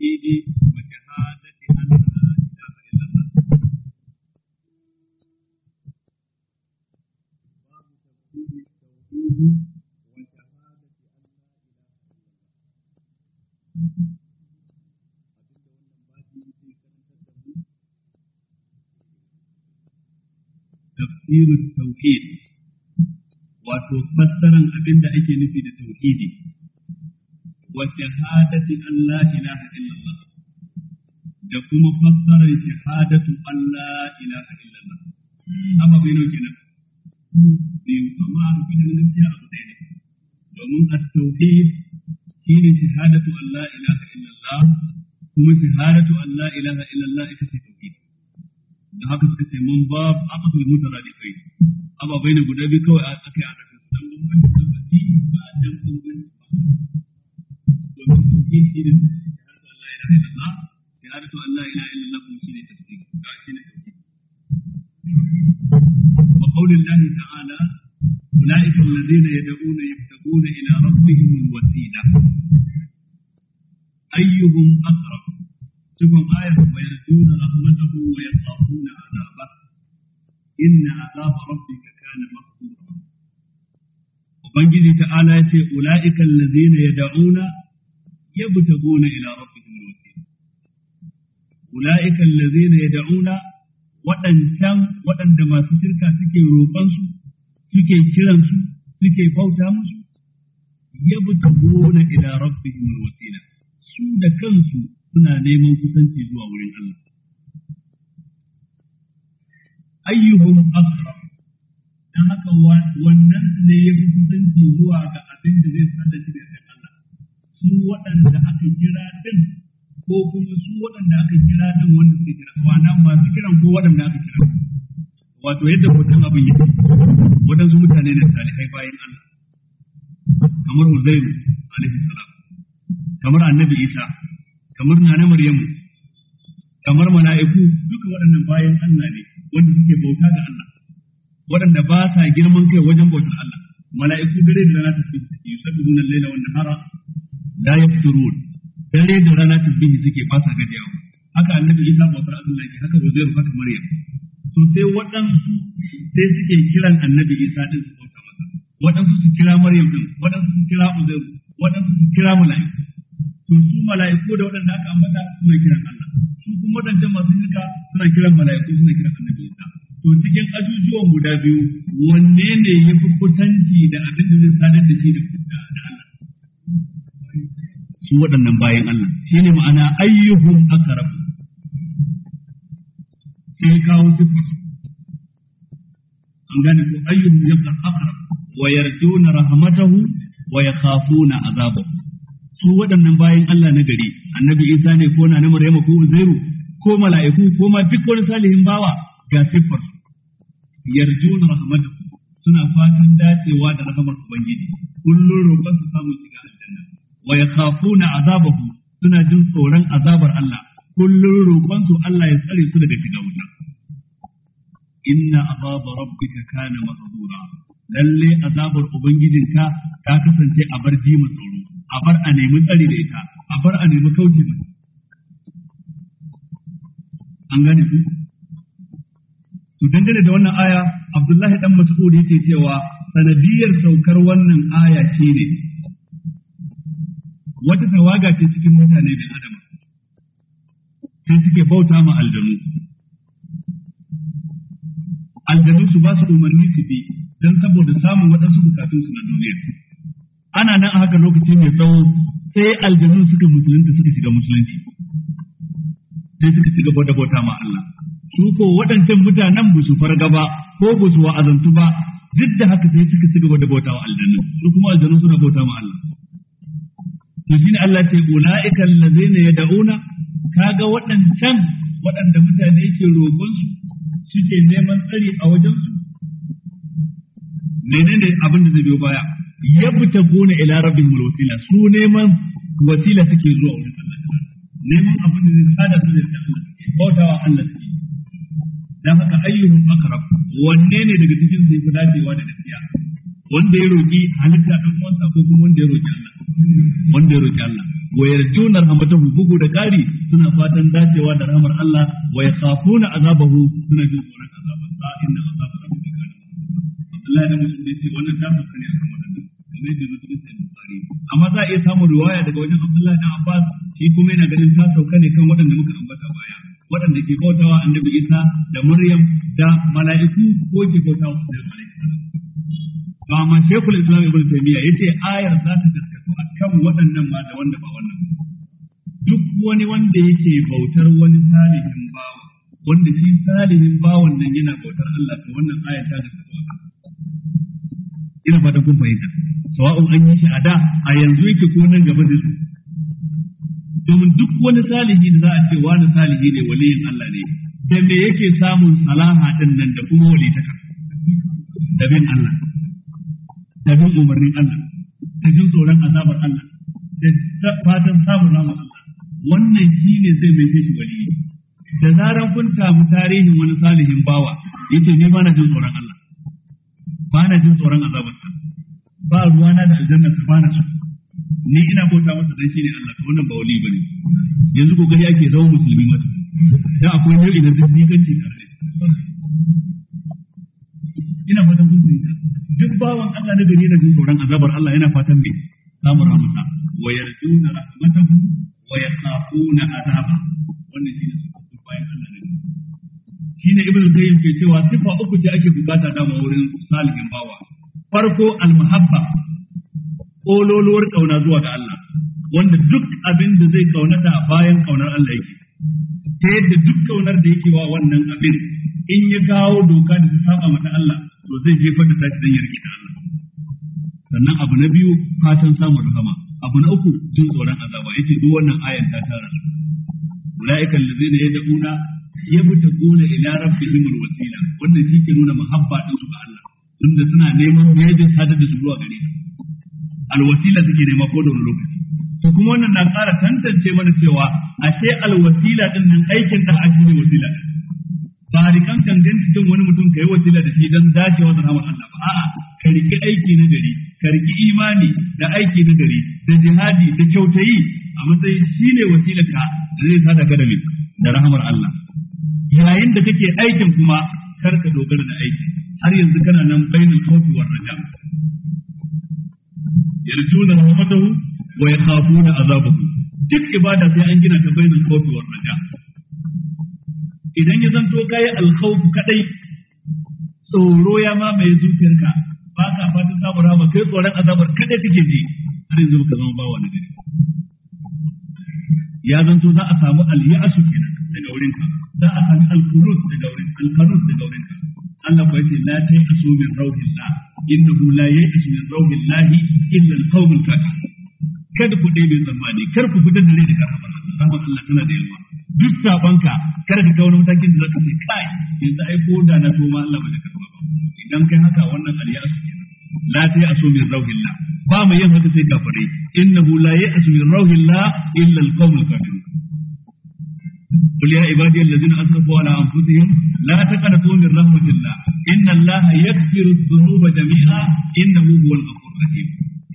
التوحيد وشهادة أن لا إله إلا الله باب تفسير التوحيد وشهادة أن لا إله إلا الله تفسير التوحيد وتفسر أبن أجنبي التوحيد wa shahadati an la ilaha illallah da kuma fassarar shahadatu an la ilaha illallah amma bai nau kenan ne amma a rubuta na gaskiya abu ɗaya ne domin at-tauhid shine shahadatu an la ilaha illallah kuma shahadatu an la ilaha illallah ita ce tauhid da haka suka ce mun bab ababai ne guda biyu kawai aka yi repeatedly. يبتغون إلى ربهم الوسيلة أولئك الذين يدعون waɗanda masu shirka suke roƙonsu suke kiransu suke bauta musu yabtaguna ila rabbihim alwasila su da kansu suna neman kusanci zuwa wurin Allah ayyuhum aqrab dan haka wannan ne fi kusanci zuwa ga abin da zai sada shi da su waɗanda aka kira ɗin ko kuma su waɗanda aka kira ɗin wanda suke kira ma'ana masu kiran ko waɗanda aka kira wato yadda hoton abin yake waɗansu mutane na salihai bayan Allah kamar Uzairu alaihi salam kamar Annabi Isa kamar Nana Maryamu kamar mala'iku duka waɗannan bayan Allah ne wanda suke bauta ga Allah waɗanda ba sa girman kai wajen bautar Allah mala'iku dare da rana suke yusabbihu al-laila wan nahara la yafturun dare da rana bihi suke ba sa gajiyawa haka annabi Isa sa Allah ke haka Uzair haka Maryam to sai waɗansu sai suke kiran annabi Isa din su bauta masa waɗansu su kira Maryam din waɗansu su kira Uzairu waɗansu su kira mala'iku to su mala'iku da waɗanda aka ambata suna kiran Allah su kuma waɗancan masu nika suna kiran mala'iku suna kiran annabi Isa to cikin ajujuwan guda biyu wanne ne ya fi kusanci da abin da zai sadar da shi da Allah su waɗannan bayan Allah shi ne ma'ana ayyuhum akrab sai kawo siffar, an gane ko ayyuhum yaqra akrab wa yarjuna rahmatahu wa yakhafuna azabahu su waɗannan bayan Allah na gari annabi Isa ne ko na Maryama ko Uzairu ko mala'iku ko ma duk wani salihin bawa ga siffar yarjuna rahmatahu suna fatan dacewa da rahmar ubangiji kullun roƙon su samu wa yakhafuna azabahu suna jin tsoron azabar Allah kullun roƙon su Allah ya tsare su daga shiga wuta inna azaba rabbika kana mahdura lalle azabar ubangijinka ta kasance a bar ji tsoro a bar a nemi tsari da ita a bar a nemi kauce mata an gane ku to dangane da wannan aya Abdullahi dan Mas'ud yake cewa sanadiyar saukar wannan aya ce ne wata tawaga ce cikin mutane bin adama? sai suke bauta ma aljanu aljanu su ba su umarni su bi don saboda samun waɗansu bukatun su na duniya ana nan a haka lokaci mai tsawo sai aljanu suka musulunta suka shiga musulunci sai suka shiga bauta bauta ma Allah su ko waɗancan mutanen ba su farga ba ko ba su wa'azantu ba duk da haka sai suka shiga bauta bauta ma aljanu su kuma aljanu suna bauta ma Allah to shine Allah ce ulaika allazina yad'una kaga waɗancan waɗanda mutane ke roƙon su suke neman tsari a wajen su menene abin da zai biyo baya gona ila rabbihimul wasila su neman wasila suke zuwa wurin Allah neman abin da zai sada su da Allah bautawa Allah suke. dan haka ayyuhum aqrab wanne ne daga cikin su yafi dacewa da gaskiya wanda ya roki halitta dan uwansa ko kuma wanda ya roki Allah wanda ya roƙi Allah wa yarjuna rahmatahu bugu da kari suna fatan dacewa da rahmar Allah wa yakhafuna azabahu suna jin tsoron azabar sa inna azaba rabbika kana Abdullahi da Muslim yace wannan ta fuska ne akan wannan kamar yadda Muslim sai Bukhari amma za a iya samun riwaya daga wajen Abdullahi da Abbas shi kuma yana ganin ta sauka ne kan waɗanda muka ambata baya waɗanda ke bautawa annabi Isa da Maryam da mala'iku ko ke bautawa da mala'iku ba ma shekul Islam Ibn taymiya yace ayar za ta a kan waɗannan ma da wanda ba wannan duk wani wanda yake bautar wani salihin bawa wanda shi salihin bawan nan yana bautar Allah to wannan aya ta da sabuwa ina fatan kuma fahimta sawa'un an yi shi a da a yanzu yake ko nan gaba da su domin duk wani salihi da za a ce wani salihi ne waliyin Allah ne da me yake samun salaha din nan da kuma walitaka da bin Allah da bin umarnin Allah da jin tsoron azabar Allah da fatan samun ramar Allah wannan shi ne zai mai shi wali da zaran kun samu tarihin wani salihin bawa yace ni bana jin tsoron Allah bana jin tsoron azabar sa ba ruwana da aljanna ta bana su ni ina bauta masa dan ne Allah to wannan ba wali bane yanzu ko gari ake zama musulmi mata da akwai nau'i na ce tare ina fatan kun fahimta duk bawan Allah na gari na jin tsoron azabar Allah yana fatan mai samun rahmata wa yarjuna rahmatahu wa yakhafuna azaba wannan shine sifatu bayan Allah na gari shine ibnu qayyim ke cewa sifa uku ce ake bukata da wurin salihin bawa farko almahabba kololuwar kauna zuwa ga Allah wanda duk abin da zai kaunata bayan kaunar Allah yake ta yadda duk kaunar da yake wa wannan abin in ya kawo doka da ta saba mata Allah to zai je da ta dan danyar rike Allah sannan abu na biyu fatan samun rahama abu na uku jin tsoron azaba yace duk wannan ayan ta tara ulaika allazina yad'una yabtaquna ila rabbihim alwasila wannan shi ke nuna mahabba din su ga Allah tunda suna neman yadda sadar da su zuwa gare shi alwasila suke nema ko da wani lokaci to kuma wannan na ƙara tantance mana cewa ashe alwasila din nan aikin da ake ne wasila din ba rikan tanganta don wani mutum kai wasila da shi dan zaki wannan rahmar Allah ba a'a ka aiki na gari ka imani da aiki na gari da jihadi da kyautayi a matsayin shine wasilar ka da zai sada ka da da rahmar Allah yayin da kake aikin kuma kar ka dogara da aiki har yanzu kana nan bainul khawfi war raja yarjuna rahmatahu wa yakhafuna azabahu duk ibada sai an gina ta bainul khawfi war raja idan ya zanto kayi alkhawfu kadai tsoro ya mamaye zuciyarka ba ka fatan samun rama kai tsoron azabar kadai kake ji har yanzu ka zama bawa wani gari ya zanto za a samu al su kenan daga wurin ka za a samu al daga wurin al-qanut daga wurin ka Allah ko yace la ta'asu min rauhillah innahu la ya'asu min rauhillah illa alqawm qawmul kada ku dai mai tsammani kar ku fitar da rai da rahmar Allah Allah tana da yawa duk sabanka kada ka wani matakin da zaka ce kai in sai ko da na to ma Allah ba da ba idan kai haka wannan su kenan la ta yasu min rauhillah ba mu yin haka sai kafare innahu la yasu min rauhillah illa alqawmul kafirun قل يا عبادي الذين اسرفوا على انفسهم لا تقنطوا من رحمه الله ان الله يغفر الذنوب جميعا انه هو الغفور الرحيم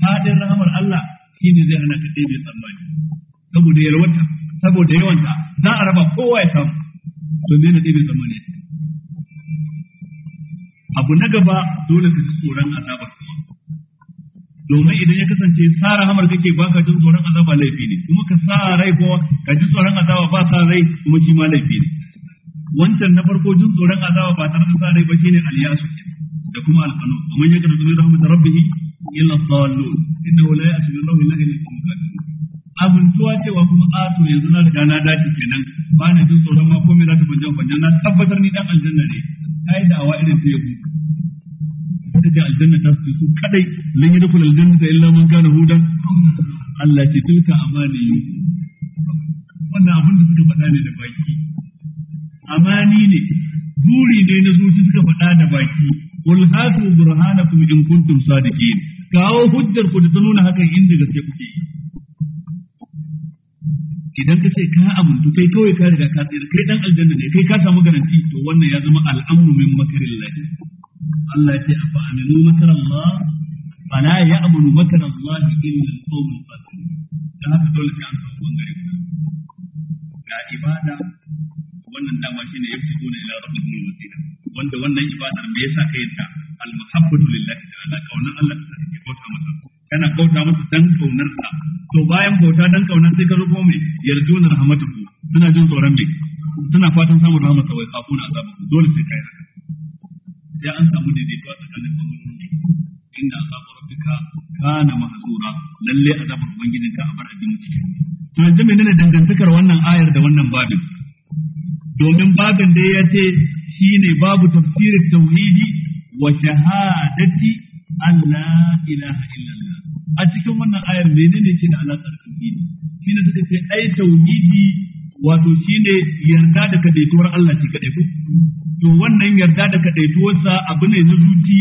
هذه Allah الله shine zai hana ka daidai tsammani saboda yalwata saboda yawanta za a raba kowa ya samu to me na zama ne abu na gaba dole ka ji tsoron azabar kuma domin idan ya kasance tsara hamar kake ba ka jin tsoron azaba laifi ne kuma ka sa rai ko ka ji tsoron azaba ba sa rai kuma shi ma laifi ne wancan na farko jin tsoron azaba ba tare da sa rai ba shine Aliyasu, da kuma alqanun amma ya karatu rahmat rabbih illa sallu innahu la ya'lamu illa allahu illa amintuwa cewa kuma a ah, to yanzu na riga na dace kenan ba na jin tsoron ma komai zata ta banjan banjan na tabbatar ni dan aljanna ne kai da awa irin ta yabo da ce aljanna ta su su kadai lan yi dukul aljanna ta illa man kana hudan Allah ce tilka amani wannan abin da suka faɗa ne da baki amani ne buri ne na zuci suka faɗa da baki qul hatu burhanakum in kuntum sadiqin kawo hujjar ku da nuna hakan inda gaske kuke yi idan ka ce ka amintu kai kawai ka riga ka tsira kai dan aljanna ne kai ka samu garanti to wannan ya zama al'amru min makarillahi Allah ya ce afa aminu makarallah fala ya'munu makarallahi illa al-qawmul fasiqun dan haka dole sai an samu bangare ga ibada wannan dama shine yaftikuna ila rabbihim wasila wanda wannan ibadar me yasa ka yinta al-muhabbatu lillahi ta'ala kaunan Allah kana bauta masa dan kaunar sa to bayan bauta dan kaunar sai ka zo kuma mai yarjuna rahmatuhu suna jin tsoron bi suna fatan samun rahmat wai kafuna azabu dole sai kai haka sai an samu daidaito a tsakanin bangarorin inda azabu rabbika kana mahzura lalle azabar ubangijin ka abar abin ciki to yanzu menene dangantakar wannan ayar da wannan babin domin babin da ya ce shine babu tafsirin tauhidi wa shahadati an la ilaha illallah a cikin wannan ayar menene ke da alaƙar tauhidi shine suka ce ai tauhidi wato shine yarda da kadaituwar Allah shi kadai ko to wannan yarda da kadaituwarsa abu ne na zuci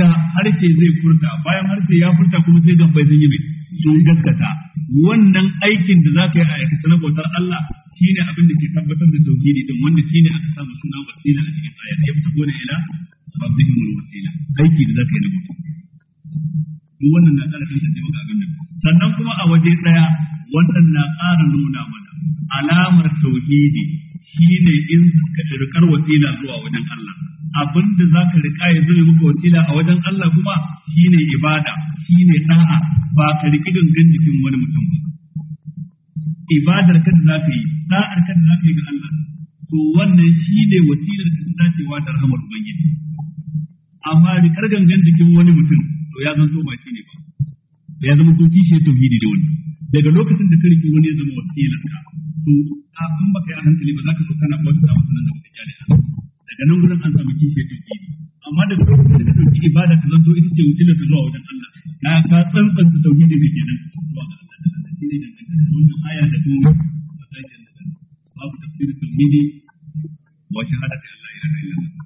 da harshe zai furta bayan harshe ya furta kuma sai gambai sun yi mai sun gaskata wannan aikin da zaka yi a aikata na bautar Allah shine abin da ke tabbatar da tauhidi din wanda shine aka samu suna wasila a cikin ayar ya fito ne ila rabbihimul wasila aiki da zaka yi na bautar duk wannan na ƙara kan tantance maka ganin sannan kuma a waje ɗaya wannan na ƙara nuna mana alamar tauhidi shine in ka rikar wasila zuwa wajen Allah Abinda zaka za ka riƙa ya zai maka wasila a wajen Allah kuma shine ibada shine da'a ba ka riki gangan jikin wani mutum ba ibadar ka da za ka yi da'ar ka da za ka yi ga Allah to wannan shi ne wasilar da ta dacewa da rahamar ubangiji amma rikar gangan jikin wani mutum to ya zanto ba shi ne ba ya zama to kishi tauhidi da wani daga lokacin da ka rike wani ya zama wasilar ka to a in baka yi a hankali ba za ka so kana bauta masa nan da wata jari daga nan gurin an samu kishi tauhidi amma daga lokacin da ka ba da ka zanto ita ce wasilar ta zuwa wajen Allah na ka tsantsanta tauhidi da ke nan zuwa ga Allah da Allah shine dangantaka wannan aya da kuma matakin da babu tafsirin tauhidi wa shahadati Allah ilaha illallah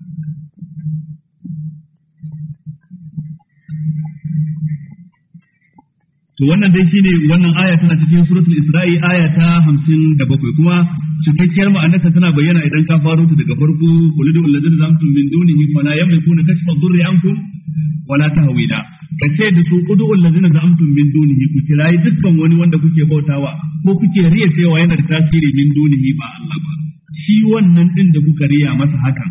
to wannan dai shine wannan aya tana cikin suratul isra'i aya ta 57 kuma cikakkiyar ma'anarta tana bayyana idan ka faro ta daga farko qul lil ladzina zamtum min dunihi la yamlikuna kashfa dhurri ankum wala tahwila kace da su qul lil ladzina zamtum min dunihi ku kirayi dukkan wani wanda kuke bautawa ko kuke riya cewa yana da tasiri min dunihi ba Allah ba shi wannan din da kuka riya masa hakan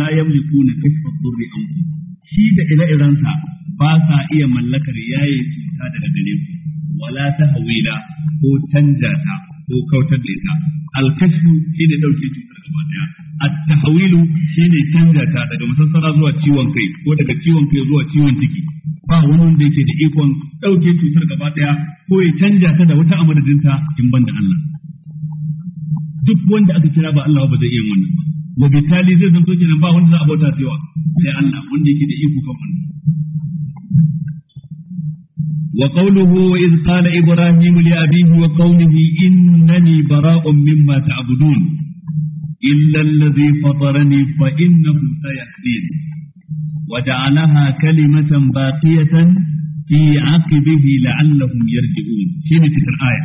la yamlikuna kashfa dhurri ankum shi da ila iransa ba sa iya mallakar yaye cuta daga gare ku wala Hawila ko canja ta ko kautar da ita alkashu shine dauke cutar gaba daya at-tahwilu shine canja ta daga masassara zuwa ciwon kai ko daga ciwon kai zuwa ciwon ciki ba wani wanda yake da ikon dauke cutar gaba daya ko ya canja ta da wata amadadinta in banda Allah duk wanda aka kira ba Allah ba zai iya wannan ba wa bitali zai zanto kenan ba wanda za a bauta cewa sai Allah wanda yake da iko kan wannan وقوله وإذ قال إبراهيم لأبيه وقومه إنني براء مما تعبدون إلا الذي فطرني فإنه سيهدين وجعلها كلمة باقية في عقبه لعلهم يرجعون شين تلك الآية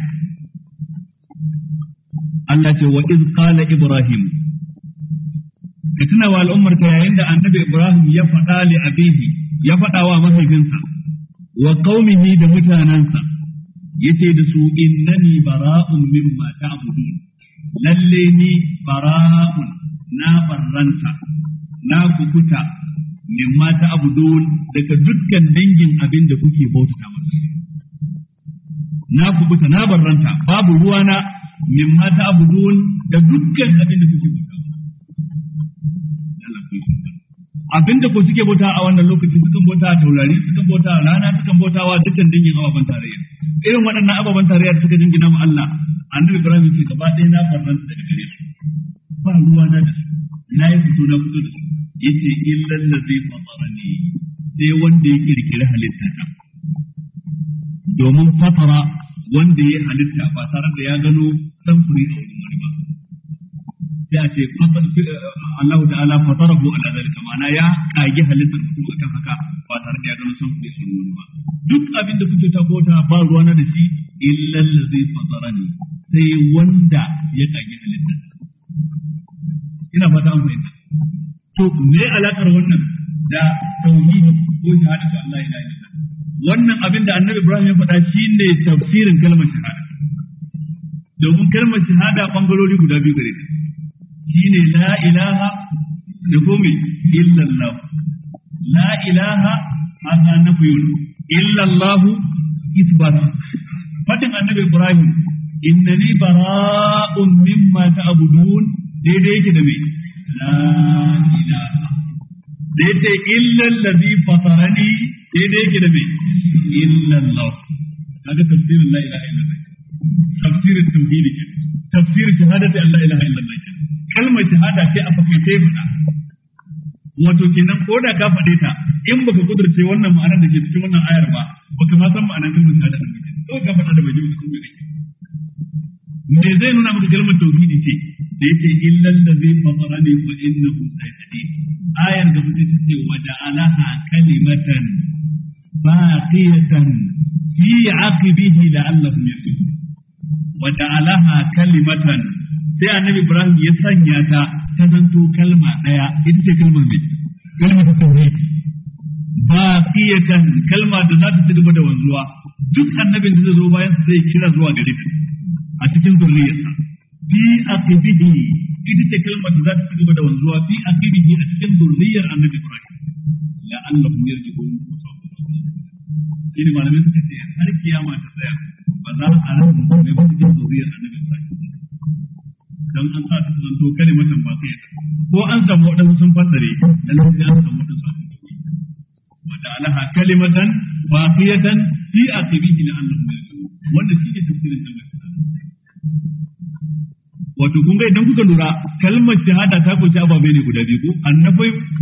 التي وإذ قال إبراهيم كتنا والأمر كيان النبي إبراهيم يفعل لأبيه ya faɗa wa mahaifinsa wa qaumihi da mutanansa yace da su innani bara'un mimma ta'budun lalle ni bara'un na barranta na kukuta mimma ta'budun daga dukkan dangin abin da kuke bauta masa na kukuta na barranta babu ruwana mimma ta'budun da dukkan abin da kuke bauta abinda ko suke bauta a wannan lokaci sukan bauta a taurari sukan bauta a rana sukan bauta wa dukkan dangin ababen tarayya irin waɗannan ababen tarayya da suka dangina ma Allah annabi Ibrahim ce gaba ɗaya na farnan daga gare su ba ruwa na da su na yi fito na fito da su yace illal ladzi fatarani sai wanda ya kirkiri halitta ta domin fatara wanda ya halitta ba tare da ya gano samfuri a wurin wani ba sai a ce qatal eh, Allah ta'ala fatarahu ala zalika ma'ana ya kage halittar mutum akan haka ba tare da ya gano san kuɗi sun wani ba duk abin da kuke ta kota ba ruwa na da shi illa allazi fatarani sai wanda ya kage halittar ina fata an fahimta to me alakar wannan da tauhid ko hada shahadatu Allah ila ila wannan abin da annabi Ibrahim ya faɗa shine tafsirin kalmar shahada domin kalmar shahada bangarori guda biyu gare ta shine la ilaha da gome illallah la ilaha haka na fuyun illallah isbat fadin annabi ibrahim innani bara'un mimma ta'budun daidai yake da me la ilaha da yace illal ladhi fatarani daidai yake da me illallah kaga tafsirin la ilaha illallah tafsirin tauhid tafsirin shahadati an la ilaha illallah kalmar shahada ce a fakaice faɗa wato kenan ko da ka faɗe ta in baka kudurce wannan ma'anar da ke cikin wannan ayar ba baka ma san ma'anar kalmar shahada ɗin kake to ka faɗa da bai ji mutum bai me zai nuna maka kalmar tauhidi ce da yake illal ladzi fatarani wa innahu sayhadi ayar da mutum ta ce wa da'alaha kalimatan baqiyatan fi aqibihi la'allahum yaqilun wa da'alaha kalimatan sai annabi ibrahim ya sanya ta ta zanto kalma daya ita ce kalmar mai kalmar ta tauhid baqiyatan kalma da za ta cigaba da wanzuwa duk annabin da zai zo bayan sai kira zuwa gare ta a cikin zurriyarsa fi aqibihi ita ce kalmar da za ta cigaba da wanzuwa fi aqibihi a cikin zurriyar annabi ibrahim la annahu yarji'un shi ne suka ce har kiyama ta tsaya ba za a rasa mutum ne ba cikin zurriyar annabi ibrahim dan an sa ta zanto kalimatan ba sai ko an samu wadansu sun fassare dan sai an samu wadansu sun wa ta'alaha kalimatan baqiyatan fi aqibihi la'annahum yarji'un wanda shi ke tafsirin da wato kun ga idan kuka lura kalmar shahada ta kunshi ababe ne guda biyu ko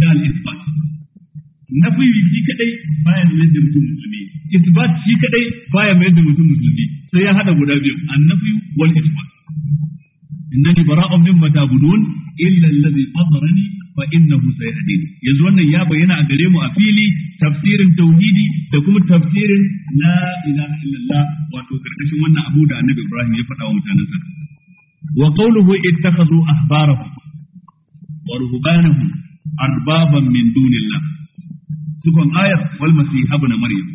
da al-isbat nafi shi kadai baya mayar da mutum musulmi isbat shi kadai baya mai da mutum musulmi sai ya hada guda biyu annabi wal isbat innani bara'un mimma ta'budun illa allazi fatarani fa innahu sayhadin yanzu wannan ya bayyana a gare mu a fili tafsirin tauhidi da kuma tafsirin la ilaha illallah wato karkashin wannan abu da annabi Ibrahim ya faɗa wa mutanansa wa qawluhu ittakhadhu ahbarahum wa ruhbanahum arbaban min dunillah tukun ayar wal masih ibn maryam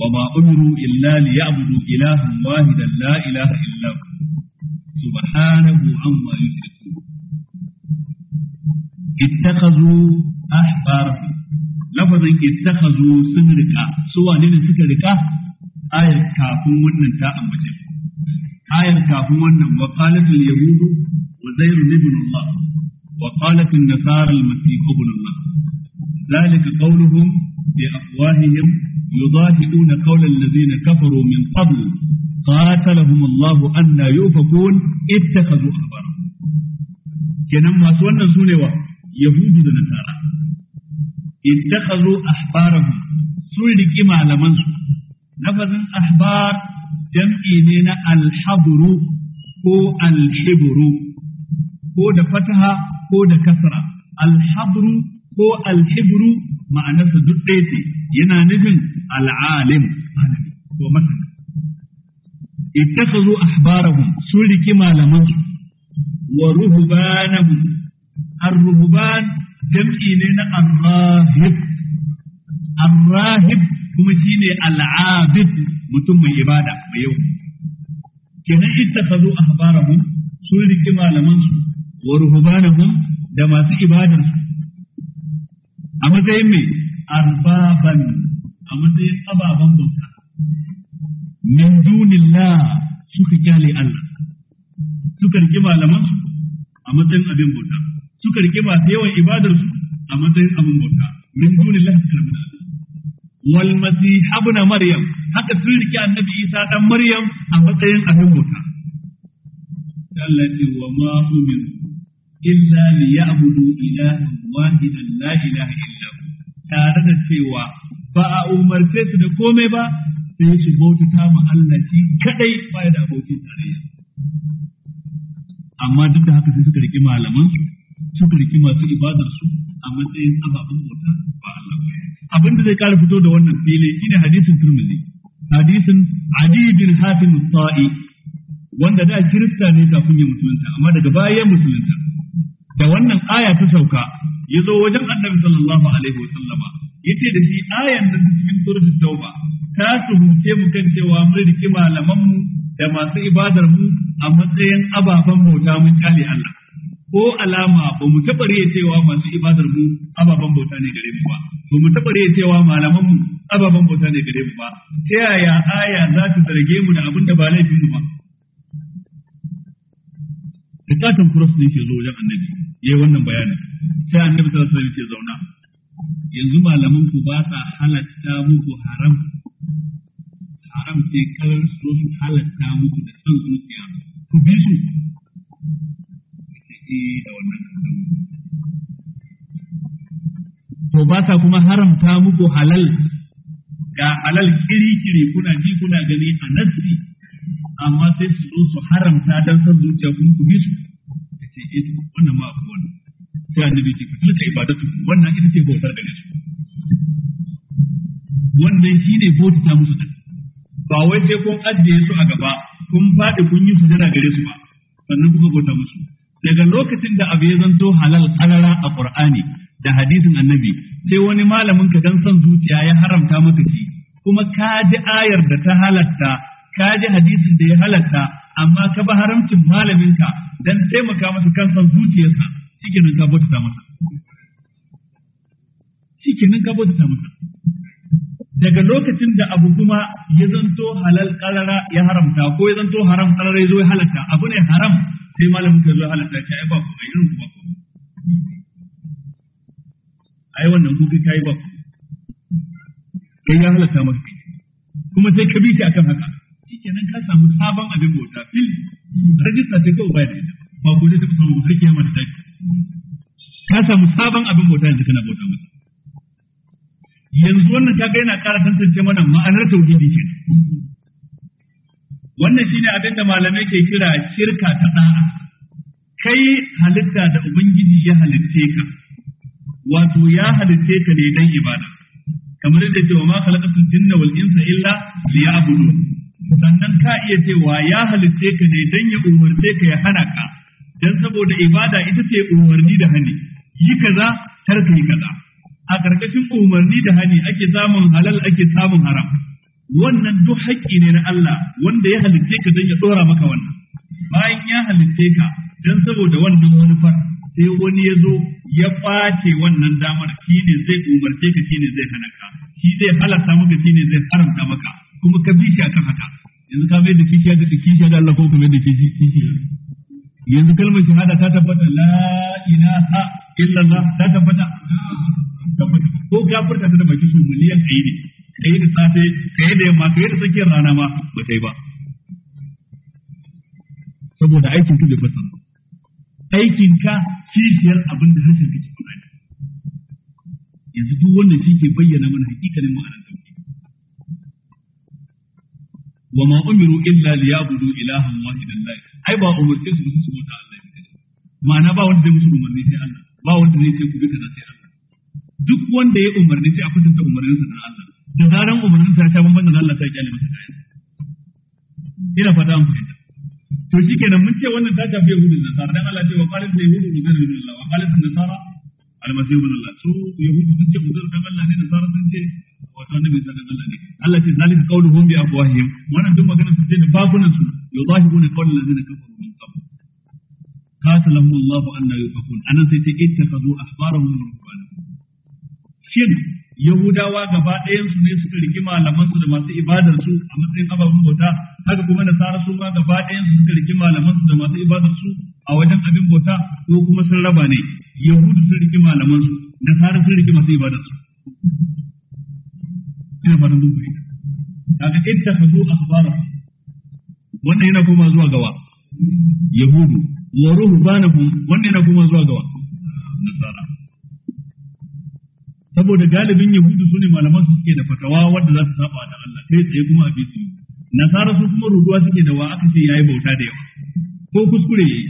wa ma umiru illa liya'budu ilahan wahidan la ilaha illa subhanahu amma yushrikun ittakhazu ahbarahum lafazin ittakhazu sun rika su wane ne suka rika ayar kafin wannan ta ambace ayar kafin wannan wa qalat al yahud wa zayr ibn nasara al masih ibn allah ذلك قولهم بأفواههم يضاهئون قول الذين كفروا من قبل qatalahum Allah anna yufakun ittakhadhu ahbara kenan masu wannan sune wa yahudu da nasara ittakhadhu ahbarahum sun riƙi malamansu. su lafazin ahbar jam'i ne na alhabru ko alhibru ko da fataha ko da kasra alhabru ko alhibru ma'anarsa duk ɗaya ce yana nufin al'alim ko masana ittakhadhu ahbarahum sun riki malaman wa ruhbanahum ar-ruhban jam'i ne na ar-rahib ar-rahib kuma shine al-abid mutum mai ibada mai yau kenan ittakhadhu ahbarahum sun riki malaman su wa ruhbanahum da masu ibadar su a matsayin mai arbaban a matsayin ababen bauta min dunillah suka kyale Allah suka rike malaman su a matsayin abin bauta suka rike masu yawan ibadar su a matsayin abin bauta min dunillah suka rike da Allah wal masih ibn maryam haka sun rike annabi isa dan maryam a matsayin abin bauta Allah ce wa ma umir illa liya'budu ilahan wahidan la ilaha illa tare da cewa ba a umarce su da komai ba sai su ta ma Allah shi kadai ya da abokin tarayya amma duk da haka sai suka riki malaman su suka riki masu ibadar su a matsayin ababen bauta ba Allah ba abin da zai kara fito da wannan fili shine hadisin Tirmidhi hadisin Adi bin Hatim Sa'i wanda da kirista ne kafin ya musulunta amma daga baya ya musulunta da wannan aya ta sauka ya zo wajen Annabi sallallahu alaihi wa sallama yace da shi ayan nan cikin suratul Tauba ta tuhumce mu kan cewa mun riki malamanmu da masu ibadar mu a matsayin ababen bauta mun kale Allah ko alama ba mu taɓa riya cewa masu ibadar mu ababen bauta ne gare mu ba ba mu taɓa riya cewa malaman mu ababen bauta ne gare mu ba ta yaya aya za ta zarge mu da abin da ba laifin mu ba bukatan kuros ne ke zo wajen annabi ya yi wannan bayanin sai annabi sallallahu alaihi wasallam ya zauna yanzu malaman ku ba sa halatta muku haram haram ce kalar su sun halatta muku da san zuciya ku bi su eh, da wannan to ba sa kuma haramta muku halal ga halal kiri-kiri kuna ji kuna gani a nasri amma sai su zo su haramta don san zuciya kun ku bi su da ce ita wannan ma ku wani sai annabi ce ku tilka ibadatu wannan ita ce bautar gare su wannan shine bauta musu din ba wai sai kun ajiye su a gaba kun faɗi kun yi sujada gare su ba sannan kuka bauta musu daga lokacin da abu ya zanto halal halara a ƙur'ani da hadisin annabi sai wani malamin ka dan son zuciya ya haramta maka shi kuma ka ji ayar da ta halatta ka ji hadisin da ya halatta amma ka ba haramcin malamin ka dan taimaka masa kan son zuciyarsa shikenan ka bauta masa ka bauta masa daga lokacin da abu kuma ya zanto halal karara ya haramta ko ya zanto haram karara ya zo ya halatta abu ne haram sai malamin ka zo ya halatta ka ai ba ku bai irin ku ba ku ai wannan ku kai ba ku kai ya halatta maka kai kuma sai ka bi ta akan haka shikenan ka samu sabon abin bauta fil rajista sai kawai bayar da ba ku ne ta samu harkiyar mata ta ka samu sabon abin bauta yanzu kana bauta masa yanzu wannan ta ga yana ƙara tantance mana ma'anar tauhidi ke wannan shine abin da malamai ke kira shirka ta da'a kai halitta da ubangiji ya halitte ka wato ya halitte ka ne dan ibada kamar yadda cewa ma khalaqatul jinna wal insa illa liya'budun sannan ka iya cewa ya halitte ka ne dan ya umarce ka ya hana ka dan saboda ibada ita ce umarni da hani yi kaza kar yi kaza a ƙarƙashin umarni da hani ake samun halal ake samun haram wannan duk haƙƙi ne na Allah wanda ya halitte ka don ya ɗora maka wannan bayan ya halitte ka don saboda wannan manufar sai wani ya zo ya ƙwace wannan damar shi ne zai umarce ka shi ne zai hana ka shi zai halasta maka shi ne zai haramta maka kuma ka bi shi akan haka yanzu ka mai da kishiya ga kishiya ga Allah ko ka mai da kishiya yanzu kalmar shahada ta tabbata la ilaha illallah ta tabbata tabbata ko kafirta ta da baki su miliyan ɗaya ne kai da safe kai da yamma kai da tsakiyar rana ma ba ta yi ba saboda aikin ka bai fassara aikin ka cishiyar abin da harshen kake faɗa ne yanzu duk wannan shi ke bayyana mana hakikanin ma'anar tauhid wa ma umiru illa liyabudu ilahan wahidan la ai ba umarce su su bauta Allah ne ma'ana ba wanda zai musu umarni sai Allah ba wanda zai ce ku bi kaza sai Allah duk wanda ya umarni sai a kwatanta umarnin sa da Allah da zaran umarnin sa ta bambanta da Allah sai kyale masa kayan ina fata an fahimta to shikenan mun ce wannan ta tafi yahudu da nasara dan Allah ce wa qalat yahudu uzair yi Allah wa qalat nasara almasihu bin Allah su yahudu sun ce uzair dan Allah ne nasara sun ce wato annabi sa dan Allah ne Allah ce zalika qawluhum bi afwahihim wannan duk maganar su ce da babunan su yudahibuna qawlan ladina kafaru min qabl قاتلهم الله أن يؤفكون أنا سيتي اتخذوا أحبارهم ورهبانهم shin yahudawa gaba ɗayansu ne suka riki malamansu da masu ibadarsu a matsayin ababen bauta haka kuma nasara su ma gaba ɗayansu suka riki malamansu da masu ibadarsu a wajen abin bauta ko kuma sun raba ne yahudu sun riki malamansu nasara sun riki masu ibadarsu ina fatan kun ka kaga ittakhadhu ahbara wannan yana kuma zuwa gawa yahudu wa ruhu banahu wannan yana kuma zuwa gawa nasara saboda galibin yahudu su ne malaman su suke da fatawa wadda za su saba da Allah kai tsaye kuma a bisu nasara su kuma ruduwa suke da wa aka ce yayi bauta da yawa ko kuskure yayi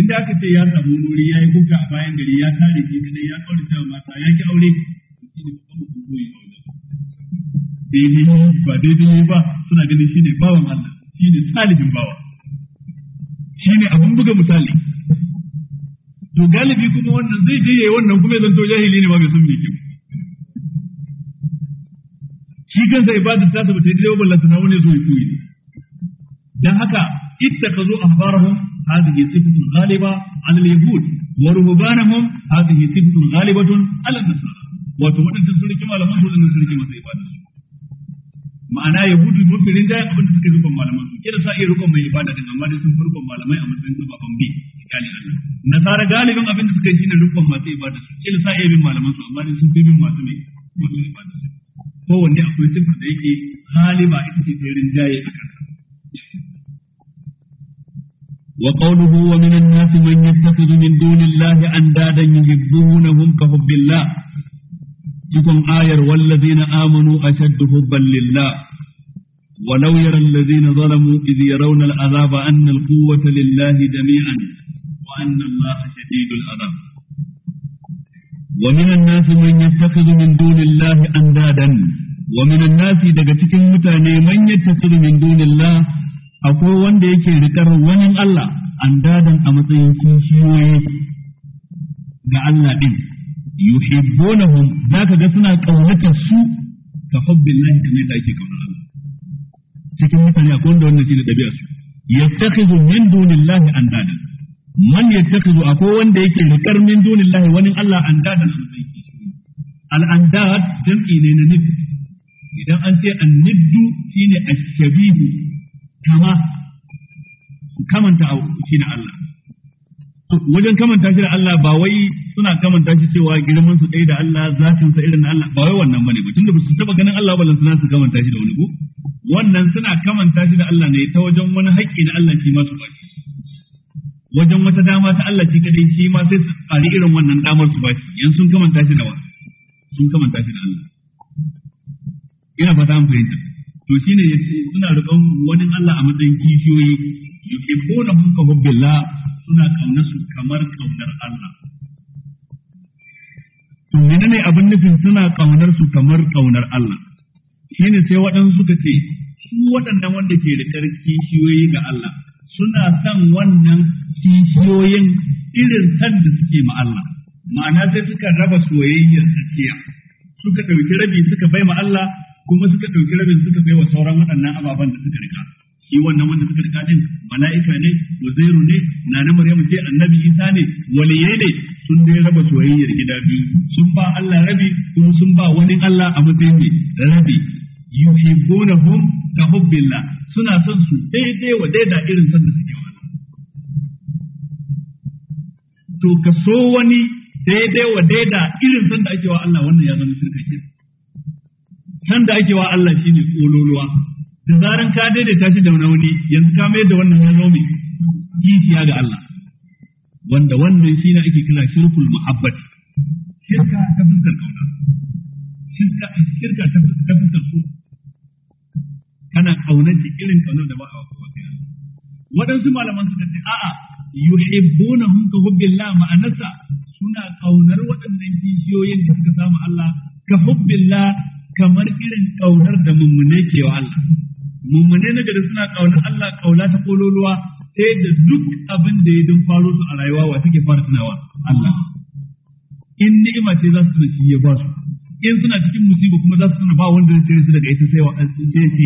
inda aka ce ya samu nuri yayi kuka a bayan gari ya tare shi kadai ya kaura cewa mata ya ki aure shi ne kuma mutum koyi aure dai ba daidai ba suna ganin shi ne bawan Allah shi ne salihin bawa shi ne abin buga misali to galibi kuma wannan zai je yayi wannan kuma zanto jahili ne ba bai san me yake shi kansa ibadar ta tabbata dai ba lantana wani zo yi koyi dan haka ittakazu ahbarahum hadhihi sifatun ghaliba ala al-yahud wa ruhbanahum hadhihi sifatun ghalibatun ala an-nasara wato wadannan sun rike malaman su da sun rike masa ibadar ma'ana ya yahudu mafi rinjaye abin da suka rikon malaman su kira sa iya rikon mai ibada din amma dai sun fi rikon malamai a matsayin ababen bi kyale Allah nasara galibin abin da suka gina shine masu ibada su kira sa iya bin malaman su amma dai sun fi bin masu mai masu ibada su kowanne akwai sifar da yake haliba ita ce ta rinjaye a kansa وقوله ومن الناس من يتخذ من دون الله أندادا يحبونهم كحب الله تكون آية والذين آمنوا أشد حبا لله ولو يرى الذين ظلموا إذ يرون العذاب أن القوة لله جميعا وأن الله شديد العذاب ومن الناس من يتخذ من دون الله أندادا ومن الناس daga cikin mutane man yattasiru min dunillah akwai wanda yake rikar wani Allah andadan a matsayin kishiyoyi ga Allah din yuhibbunahum zaka ga suna kaunatar su ka hubbillahi kamar da ake cikin mutane akwai wanda wannan shine ɗabi'a su yattakhidhu min dunillahi andada man yattakhidhu akwai wanda yake rikar min dunillahi wani Allah andada su zai al andad jam'i ne na nib idan an ce an nibdu shine ash-shabihu kama kamanta shine Allah wajen kamanta shi da Allah ba wai suna kamanta shi cewa girman su ɗaya da Allah zatin sa irin Allah ba wai wannan bane ba tunda su taba ganin Allah ballan suna su kamanta shi da wani ko wannan suna kamanta shi da Allah ne ta wajen wani haƙƙi na Allah shi ma su bashi wajen wata dama ta Allah shi kadai shi ma sai su ƙari irin wannan damar su bashi yan sun kamanta shi da wa sun kamanta shi da Allah ina fata an fahimta to shine yace suna rubon wani Allah a matsayin kishiyoyi na ka hubbillah suna kaunar su kamar kaunar Allah to ne abin nufin suna kaunar su kamar kaunar Allah ne sai waɗansu suka ce su waɗannan wanda ke da ƙarfi shiyoyi ga Allah suna son wannan kishiyoyin irin sanda suke ma Allah ma'ana sai suka raba soyayyar tsakiya suka ɗauki rabi suka bai ma Allah kuma suka ɗauki rabin suka bai wa sauran waɗannan ababen da suka rika shi wannan wanda suka rika din mala'ika ne uzairu ne na na maryamu ce annabi isa ne waliyai ne sun dai raba soyayyar gida biyu sun ba Allah rabi kuma sun ba wani Allah a matsayin ne rabi yuhibbunahum ka hubbillah suna son su daidai wa daida irin son da suke wa to ka so wani daidai wa daida irin son da ake wa Allah wannan ya zama shirka ke san da ake wa Allah shine ololuwa da zaran ka daidaita shi da wani yanzu ka mai da wannan wani mai kishiya ga Allah wanda wannan shi ne ake kira shirkul muhabbat shirka ta fuskar kauna shirka shirka ta fuskar so kana kauna ki irin kauna da ba a kowa sai Allah waɗansu malaman suka ce a'a yuhibbunahum ka hubbillah ma'anarsa suna kaunar waɗannan kishiyoyin da suka samu Allah ka hubbillah kamar irin kaunar da mummune ke wa Allah mummune na gari suna kauna Allah kaula ta kololuwa sai da duk abin da ya dun faro su a rayuwa wa suke fara tunawa Allah in ni'ima ce za su tuna shi ya ba su in suna cikin musiba kuma za su tuna ba wanda zai tsere su daga ita sai wa sai shi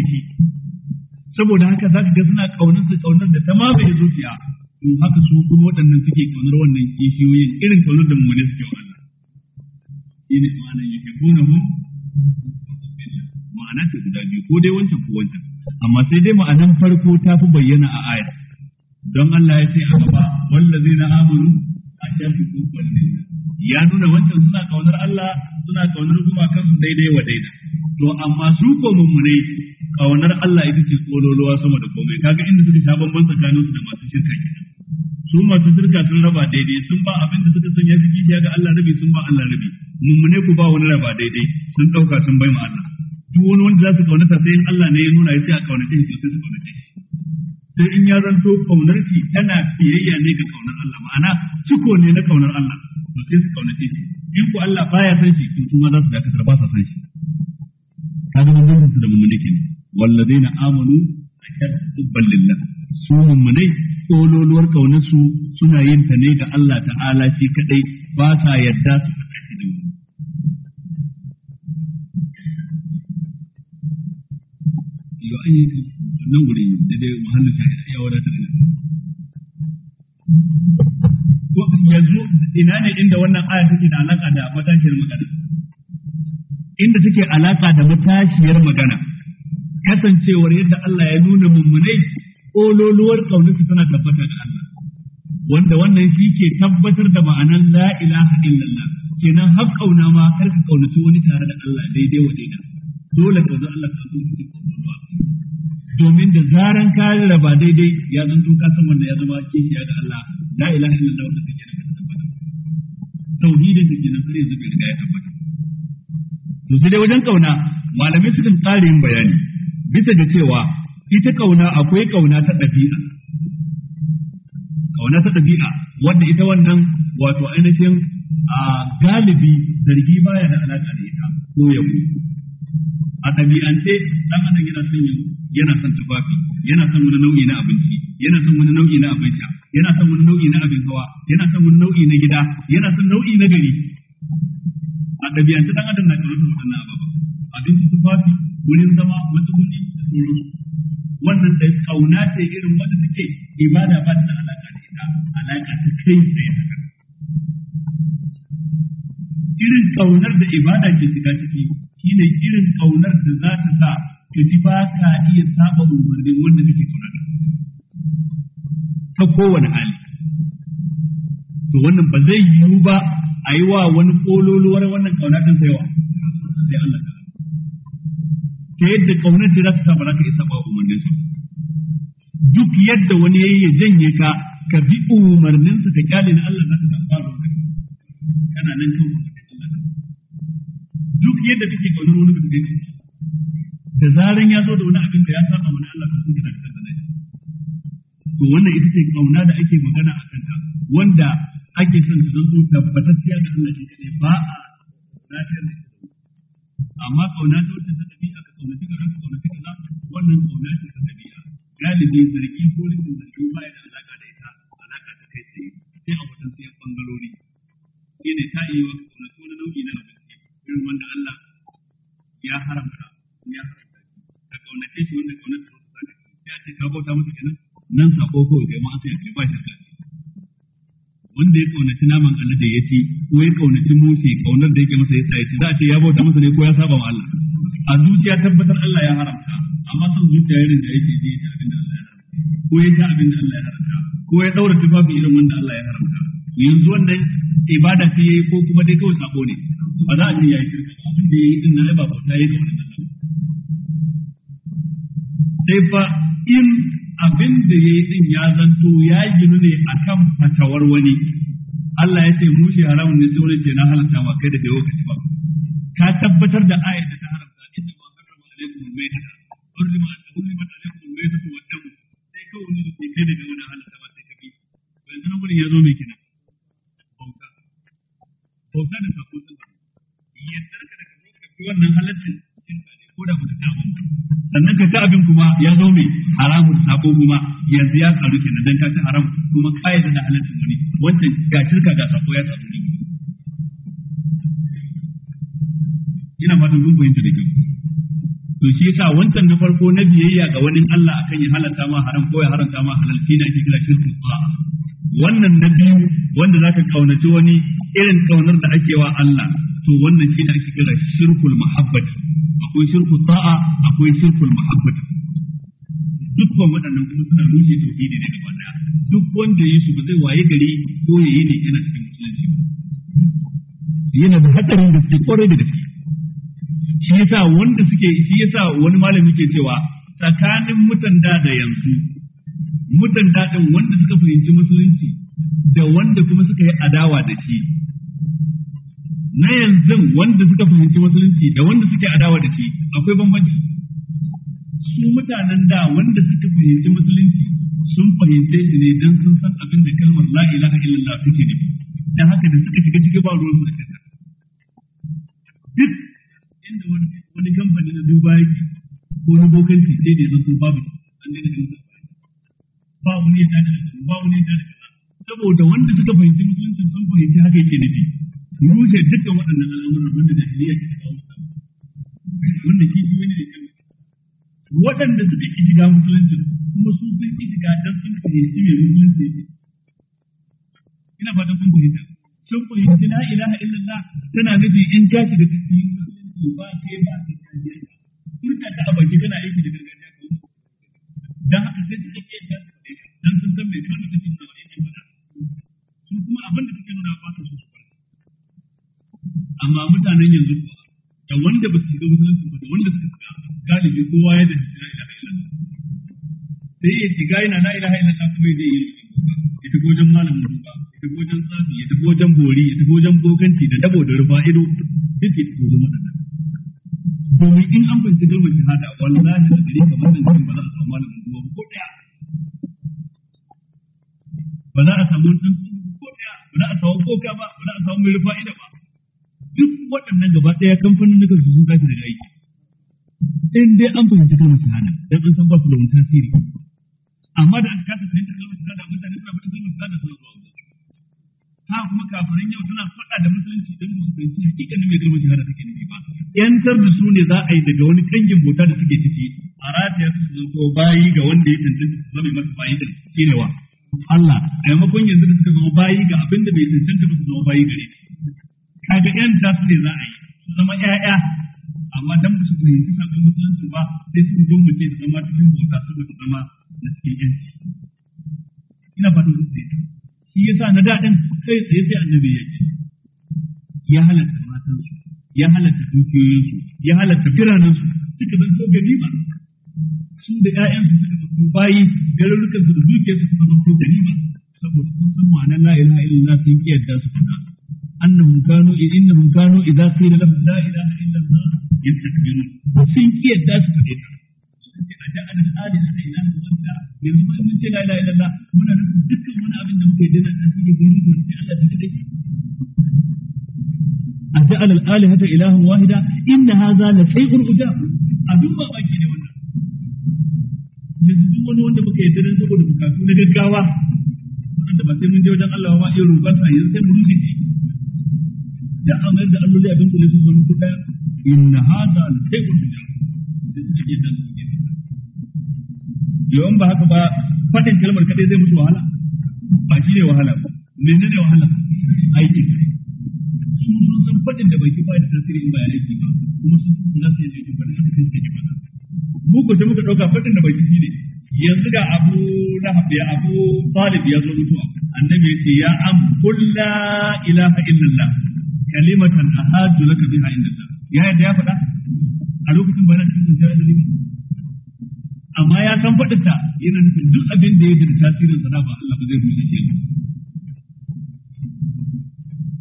saboda haka za ka ga suna kaunar su kaunar da ta mamaye zuciya to haka su kuma waɗannan suke kaunar wannan kishiyoyin irin kaunar da mummune suke wa Allah ina ma'anar yake mu? ma'ana ce guda biyu ko dai wancan ko wancan amma sai dai ma'anan farko ta fi bayyana a aya don Allah ya ce a gaba na amuru a shafi kokwallin ya nuna wancan suna kaunar Allah suna kaunar zuwa kansu daidai wa daidai to amma su ko mummunai kaunar Allah ita ce kololuwa sama da komai kaga inda suka sha bambam tsakanin su da masu shirka kenan su masu shirka sun raba daidai sun ba abin da suka san ya fi kishiya ga Allah rabi sun ba Allah rabi mummune ku ba wani raba daidai sun dauka sun bai ma Allah duk wani wanda za su kaunata sai Allah ne ya nuna ya sai a kaunace shi sai su kaunace shi sai in ya zanto kaunar shi tana biyayya ne ga kaunar Allah ma'ana ciko ne na kaunar Allah to sai su kaunace shi in ku Allah baya san shi to kuma za su dakata ba sa san shi kaga mun dinga da mummune kenan walladaina amanu akadubban billah su munai kololuwar kaunar su suna yin ta ne ga Allah ta'ala shi kadai ba sa yadda su an inda wannan aya take da alaka da matashiyar magana inda take alaƙa da matashiyar magana kasancewar yadda Allah ya nuna mummunai ololuwar kaunarsa tana tabbata da Allah wanda wannan shi ke tabbatar da ma'anar la ilaha illallah kenan har kauna ma kar ka kaunaci wani tare da Allah daidai wa daidai dole ka zo Allah ka zuci da kwakwalwa domin da zaran ka raba daidai ya zan ka san wanda ya zama kishiya ga Allah la ilaha illallah wanda take da tabbata tauhidin da kenan kare zubi da ya tabbata to sai dai wajen kauna malamai sukan tsara yin bayani bisa da cewa ita kauna akwai kauna ta ɗabi'a kauna ta dabi'a wanda ita wannan wato ainihin a galibi zargi baya da alaƙa da ita ko yabo a ɗabi'ance ɗan adam yana son yana son tufafi yana son wani nau'i na abinci yana son wani nau'i na abin sha yana son wani nau'i na abin hawa yana son wani nau'i na gida yana son nau'i na gari a ɗabi'ance ɗan adam na da waɗannan ababa abinci tufafi wurin zama matsuguni da sauransu wannan da kauna ce irin wanda take ibada ba ta da da ita alaƙa ta kai da haka irin kaunar da ibada ke shiga ciki shine irin kaunar da za ta sa ka ji ba ka iya saba umarnin wanda kake kauna ta kowane hali to wannan ba zai yiwu ba a yi wa wani kololuwar wannan kauna ta sai wa sai Allah ta ta yadda kaunar ta za ta sa ba za ka iya saba umarnin sa duk yadda wani yayi ya janye ka ka bi umarninsa ta kyale na Allah za ka faru kai kana nan kan kuma kai Allah duk yadda kake kaunar wani mutum kai da zaran ya zo da wani abin da ya saba wani Allah to sun gina da kanka ne to wannan ita ce kauna da ake magana a kanta wanda ake son ta zanto tabbatacciya da Allah shi kadai ba a lafiyar da amma kauna ta wata ta dabi'a ka kaunaci ka ka kauna ka za wannan kauna ce ta dabi'a galibi zargi ko rikin zargi ba ya da alaka da ita alaka ta kai tsaye sai a wajen sai bangarori ne ta yi wa ko wani nau'i na abinci irin wanda Allah ya haramta ya haramta ka kaunace shi wanda ta wasu sadaki ya ce ka bauta masa kenan nan sako kawai kai ma sai ya ba da wanda ya kaunaci naman da ya ci ko ya kaunaci mushe kaunar da yake masa ya sai ci za a ce ya bauta masa ne ko ya saba wa Allah a zuciya tabbatar Allah ya haramta amma son zuciya irin da yake ji ta abin da Allah ya haramta ko ya ta abin da Allah ya haramta ko ya daura tufafi irin wanda Allah ya haramta yanzu wannan ibada ce yi ko kuma dai kawai sako ne ba za a ce yayi shirka abin da yayi din na ba bauta yi ga wannan Allah sai fa in abin da yayi din ya zanto ya ginu ne akan fatawar wani Allah ya ce mu shi haramun ne sai wani ce na halatta ba kai da bai lokaci ba ka tabbatar da ayat da ta haramta inda ma harama alaikum maita hurrima hurrima alaikum maita wa damu sai kawai ne kai da wani halatta ba sai ka bi yanzu nan gudun ya zo mai kina wannan halaccin ko da baka tabu sannan ka ta abin kuma ya zo mai haramun sako kuma yanzu ya karu nan dan ka ci haram kuma kayyada da halaccin wani wancan ga shirka ga sako ya samu ne ina fatan kun fahimta da kyau to shi yasa wancan na farko na biyayya ga wani Allah akan ya halatta ma haram ko ya haramta ma halal shi ne ake kira shirku wannan na biyu wanda zaka kaunaci wani irin kaunar da ake wa Allah to wannan shi da ake kira shirkul mahabbati akwai shirkul ta'a akwai shirkul mahabbati dukkan waɗannan kuma suna rushe tauhidi ne gaba daya duk wanda yi su ba zai waye gari ko yayi ne yana cikin musulunci yana da hadarin da suke kwarai da gaske shi yasa wanda suke shi yasa wani malami ke cewa tsakanin mutan da yanzu mutanda din wanda suka fahimci musulunci da wanda kuma suka yi adawa da shi na yanzu wanda suka fahimci musulunci da wanda suke adawa da shi akwai bambanci su mutanen da wanda suka fahimci musulunci sun fahimce shi ne don sun san abin da kalmar la ilaha illallah take nufi dan haka da suka shiga cikin ba ruwan su da duk inda wani wani kamfani na duba yake ko na bokanci sai da yanzu babu an daina sa ba wani ya tada ba wani ya tada saboda wanda suka fahimci musulunci sun fahimci haka yake nufi rushe dukkan waɗannan al'amuran wanda jahiliya ke kawo musamman wanda kifi wani da waɗanda suka ƙi shiga musulunci kuma su sun ƙi shiga don sun fahimci mai musulunci ne. Ina fatan kun fahimta. Sun fahimci la ilaha illallah tana nufi in ka shiga cikin musulunci ba ke ba ka kaje. Turka ta a baki kana aiki da gargajiya ka wuce. Don haka sai suka ƙi yadda su don sun san mai kalmar ta cikin nawa yake faɗa. Su kuma abin da suke nuna ba su amma mutanen yanzu ba da wanda ba su shiga musulunci ba da wanda suka shiga galibi kowa ya da shiga ila ila sai ya shiga yana la ilaha illallah kuma ya je yi ya tafi wajen malam ruba ya tafi wajen tsafi ya tafi wajen bori ya tafi wajen boganti da dabo da rufa ido duk ya tafi wajen waɗannan domin in an fahimci kalmar shahada wallahi da gari kamar nan cikin ba za a samu malam ruba ba ko ɗaya ba za a samu wani ko ɗaya ba za a samu koka ba ba za a samu mai rufa ido ba duk waɗannan gaba ɗaya kamfanin na su sun tashi daga aiki in dai an fahimci kalmar shahada dan an san ba su da wani tasiri amma da aka kasa fahimta kalmar shahada mutane suna faɗin kalmar shahada suna zuwa wajen ha kuma kafirin yau suna faɗa da musulunci don su fahimci hakikanin mai kalmar shahada take nufi ba yantar da su ne za a yi daga wani kangin bauta da suke ciki a rataya su ko bayi ga wanda ya tantance su zama masa bayi da shine wa Allah a maimakon yanzu da suka zama bayi ga abin da bai tantance ba su zama bayi gare shi a da yan za su ce za a yi su zama ƴaƴa amma dan ba su fahimci sabon musulunci ba sai su zo mutum da zama cikin bauta saboda zama na cikin yanci ina fatan su sai shi sa na daɗin kai tsaye sai annabi ya ce ya halatta matansu ya halatta dukiyoyinsu ya halatta biranensu suka zanto ganima su da ƴaƴansu suka zanto bayi garurukansu da dukiyarsu suka zanto ganima saboda sun san ma'anar la ilaha illallah sun kiyarda su faɗa annahum kanu innahum kanu idza qila lahum la ilaha illa allah yastakbirun sun kiyarda su fade sun ce aja an al'adi da ilaha wanda yanzu ba mun ce la ilaha illa muna nufin dukkan wani abin da muke dena da cikin gurin da sai Allah da dade aja al alihata ilahan wahida inna hadha la shay'un ujab abin ba baki ne wannan yanzu duk wani wanda muka yarda dan saboda na gaggawa wanda ba sai mun je wajen Allah yanzu sai rubuce da an mayar da alloli abin da su zama su daya inna hada al tayyibun da al-jannah suke da yawan ba haka ba fatan kalmar kadai zai musu wahala ba shi ne wahala ba menene wahala aikin su sun san fatan da baki ba da tasiri in ba ya aiki ba kuma sun san za su yi aikin da haka sai suka ji mu ko sai muka dauka fatan da baki shine yanzu da Abu Lahab ya Abu Talib ya zo mutuwa annabi ya ce ya am kullu ilaha illallah kalimatan ahadu laka biha inda Allah ya yadda ya faɗa a lokacin bayan cikin zuciya da lima amma ya san ta, yana nufin duk abin da ya da tasirin sa ba Allah ba zai rushe shi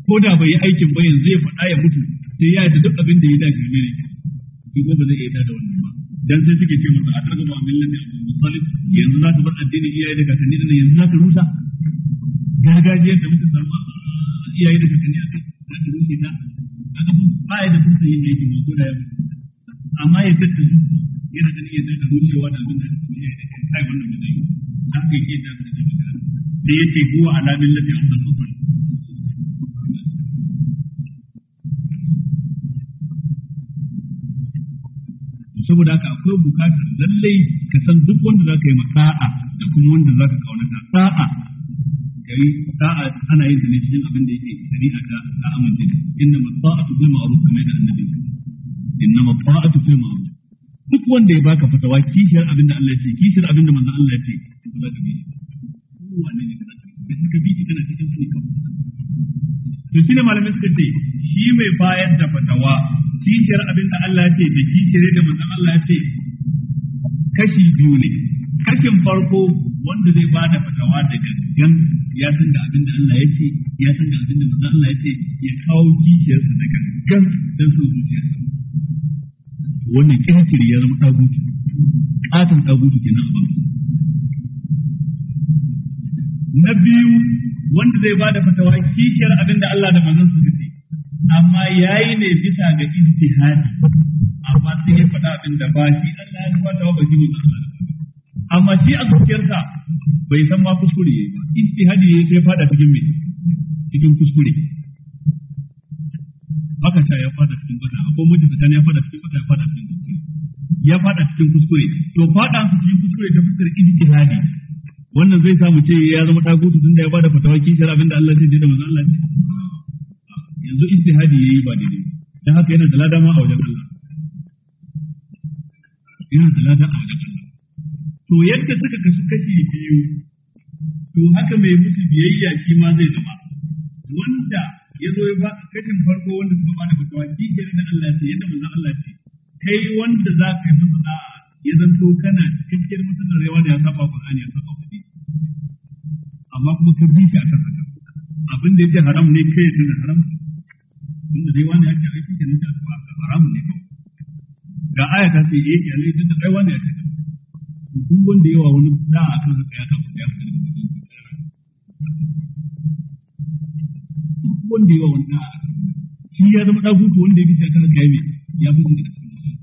ko da bai yi aikin ba yanzu ya faɗa ya mutu sai ya yadda duk abin da ya da girme ne shi ba zai iya da wannan ba dan sai suke ce masa a targaba millati Abdul Muttalib yanzu za ka bar addini iyaye da kakanni yanzu za ka rusa gargajiyar da muka samu iyaye da kakanni a kai za ta ta ba ya da fuskar yin aikin ma ko da ya amma ya zuci yana ganin ya daga rushewa da abin da ta kuma yayi da kai wannan ba zai yi za ka yi da ya ce alamin saboda haka akwai bukatar lallai ka san duk wanda za ka yi ma sa'a da kuma wanda za ka kaunata sa'a domin da'a ana yin ta ne cikin abin da yake shari'a ta ta amince da inna mata'atu bil ma'ruf kamar da annabi inna mata'atu bil ma'ruf duk wanda ya baka fatawa kishiyar abin da Allah ya ce kishiyar abin da manzon Allah ya ce ba za ka bi wanne ne ka bi ka bi kana cikin sani kamar to shi ne malamin suka ce shi mai bayar da fatawa kishiyar abin da Allah ya ce da kishiyar da manzon Allah ya ce kashi biyu ne hakin farko wanda zai bada fatawa da gaggan ya san da abin da Allah ya ce ya san da abin da manzo Allah ya ce ya kawo kishiyarsa da gaggan dan su zuciyarsa wannan kirkiri ya zama tagutu katon tagutu kenan a banka na biyu wanda zai bada fatawa kishiyar abin da Allah da manzon su ce amma yayi ne bisa ga ijtihadi amma sai ya faɗa abin da ba shi Allah ya faɗa ba shi ne amma shi a zuciyarsa bai san ma kuskure ya yi ba ijtihadi yayi sai fada cikin mai cikin kuskure haka ta ya fada cikin bata akwai mutum ta ya fada cikin bata ya fada cikin kuskure ya fada cikin kuskure to fada cikin kuskure ta fuskar ijtihadi wannan zai samu ce ya zama tagutu da ya bada fatawa kishar abinda Allah zai ce da manzon Allah yanzu ya yi ba daidai dan haka yana da ladama ma a wajen Allah yana da a wajen Allah to yadda suka kasu kashi biyu to haka mai musu biyayya shi ma zai zama wanda ya zo ya baka kashin farko wanda suka bada da fatawa shi ke da Allah ce yadda manzon Allah ce kai wanda za ka yi masa da'a ya zanto kana cikakkiyar mutum da rewa da ya saba Qur'ani ya saba kudi amma kuma ka bi shi a kan haka abin da yake haram ne kai ya tuna haram tunda dai wani ce aiki nan da ba haram ne kawai ga aya ta ce eh, yake alai duk da kai wani yake duk wanda yawa wani da kan haka ya kafa ya da daga cikin duk da yawa wani da shi ya zama dagutu wanda ya bi shakar akan haka ya bi ya bi shi daga cikin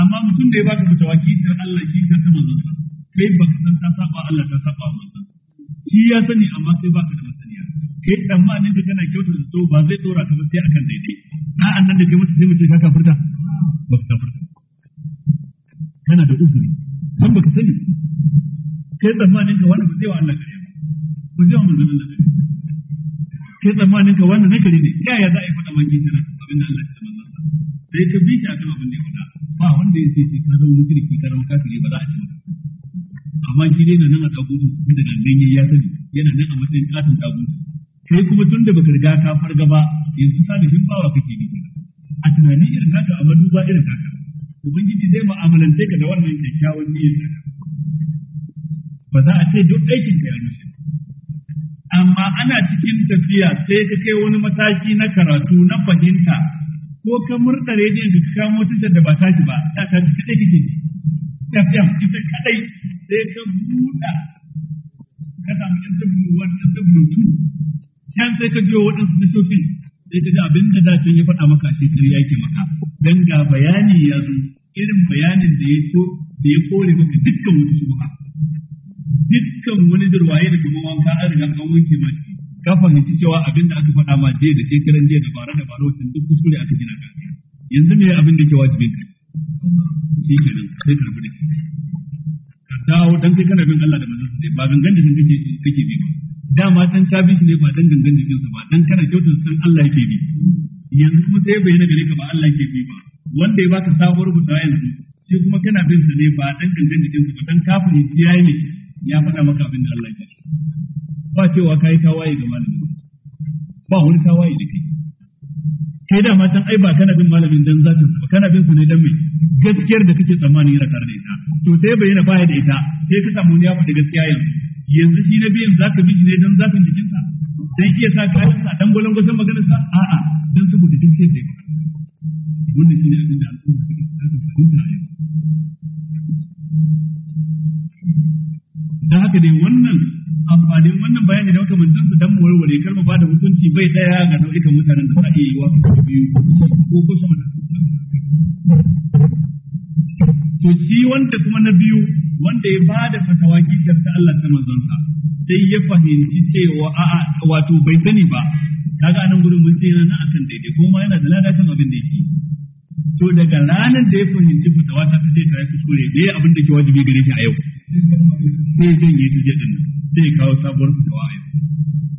amma mutum da ya baka fatawa kitar Allah kitar ta manzon sa kai ka san ta saba Allah ta saba manzon shi ya sani amma sai baka da masaniya kai ne da kana kyautar da so ba zai dora ka ba sai akan daidai a nan da kai masa sai mu ce ka kafirta ka kafirta kana da uzuri kan baka sani kai tsammanin ka wannan ba zai wa Allah kare ba zai wa manzon Allah kare kai tsammanin ka wannan na kare ne yaya za a yi faɗa banki kana abin da Allah ya tsama masa sai ka bi shi akan abin da ya faɗa ba wanda ya ce sai ka zama ki ka zama kafiri ba za a ci maka amma shi dai na nan a tagutu nan gangan ya sani yana nan a matsayin katin tagutu kai kuma tun da baka riga ka farga ba yanzu salihin bawa kake ne a tunani irin haka a maduba irin haka ubangiji zai mu'amalance ka da wannan kyakkyawan niyyar ka ba za a ce duk aikin ka ya rushe amma ana cikin tafiya sai ka kai wani mataki na karatu na fahimta ko ka murɗa rediyon ka kamo tashar da ba tashi ba ta ji kaɗai kake ji tafiyan ita kaɗai sai ka buɗa ka samu yan w1 yan w2 can sai ka biyo waɗansu tashoshin sai ka ga abin da zafin ya faɗa maka shi kar ya ke maka don ga bayani ya zo irin bayanin da ya so da ya kore maka dukkan wani shubha dukkan wani durwaye da kuma wanka an riga an wanke ma shi ka fahimci cewa abin da aka faɗa ma je da kiran je da bara da bara wacin duk kuskure aka gina ka yanzu me abin da ke wajibin ka shi kenan sai karbi da ka dawo dan kai kana bin Allah da manzon sai ba gangan da kake kake bi ba dama san ka bi shi ne ba dan gangan jikin sa ba dan kana kyautu san Allah yake bi yanzu kuma sai bai na gare ka ba Allah yake bi ba wanda ya baka sabuwar rubuta yanzu sai kuma kana bin sa ne ba dan gangan jikin sa ba dan kafin ya yayi ne ya faɗa maka abin da Allah yake ba cewa kai tawaye ga malamin ba wani tawaye da kai kai da matan ai ba kana bin malamin dan zatin ba kana bin su ne dan me gaskiyar da kake tsammani yana tare da ita to sai bayyana baya da ita sai ka samu ya faɗi gaskiya yanzu yanzu shi na biyan zaka bi ne dan zatin jikinsa dan iya sa ka sa dan golan gosan maganar sa a'a dan saboda duk sai da wannan ne abin da al'umma take a yau da haka dai wannan amfani wannan bayani da wata mutum su dan warware kar mu ba da hukunci bai tsaya ga nau'ikan mutanen da za a yi wa su biyu ko ko sama da to shi wanda kuma na biyu wanda ya ba da fatawa kishar ta Allah ta manzonsa sai ya fahimci cewa a'a wato bai sani ba kaga anan gurin mun ce na akan daidai kuma yana da lada kan abin da yake to daga ranar da ya fahimci fata ta ta ce ta yi kuskure me abin da ke wajibi gare shi a yau sai zan yi tuje din sai kawo sabuwar fata a yau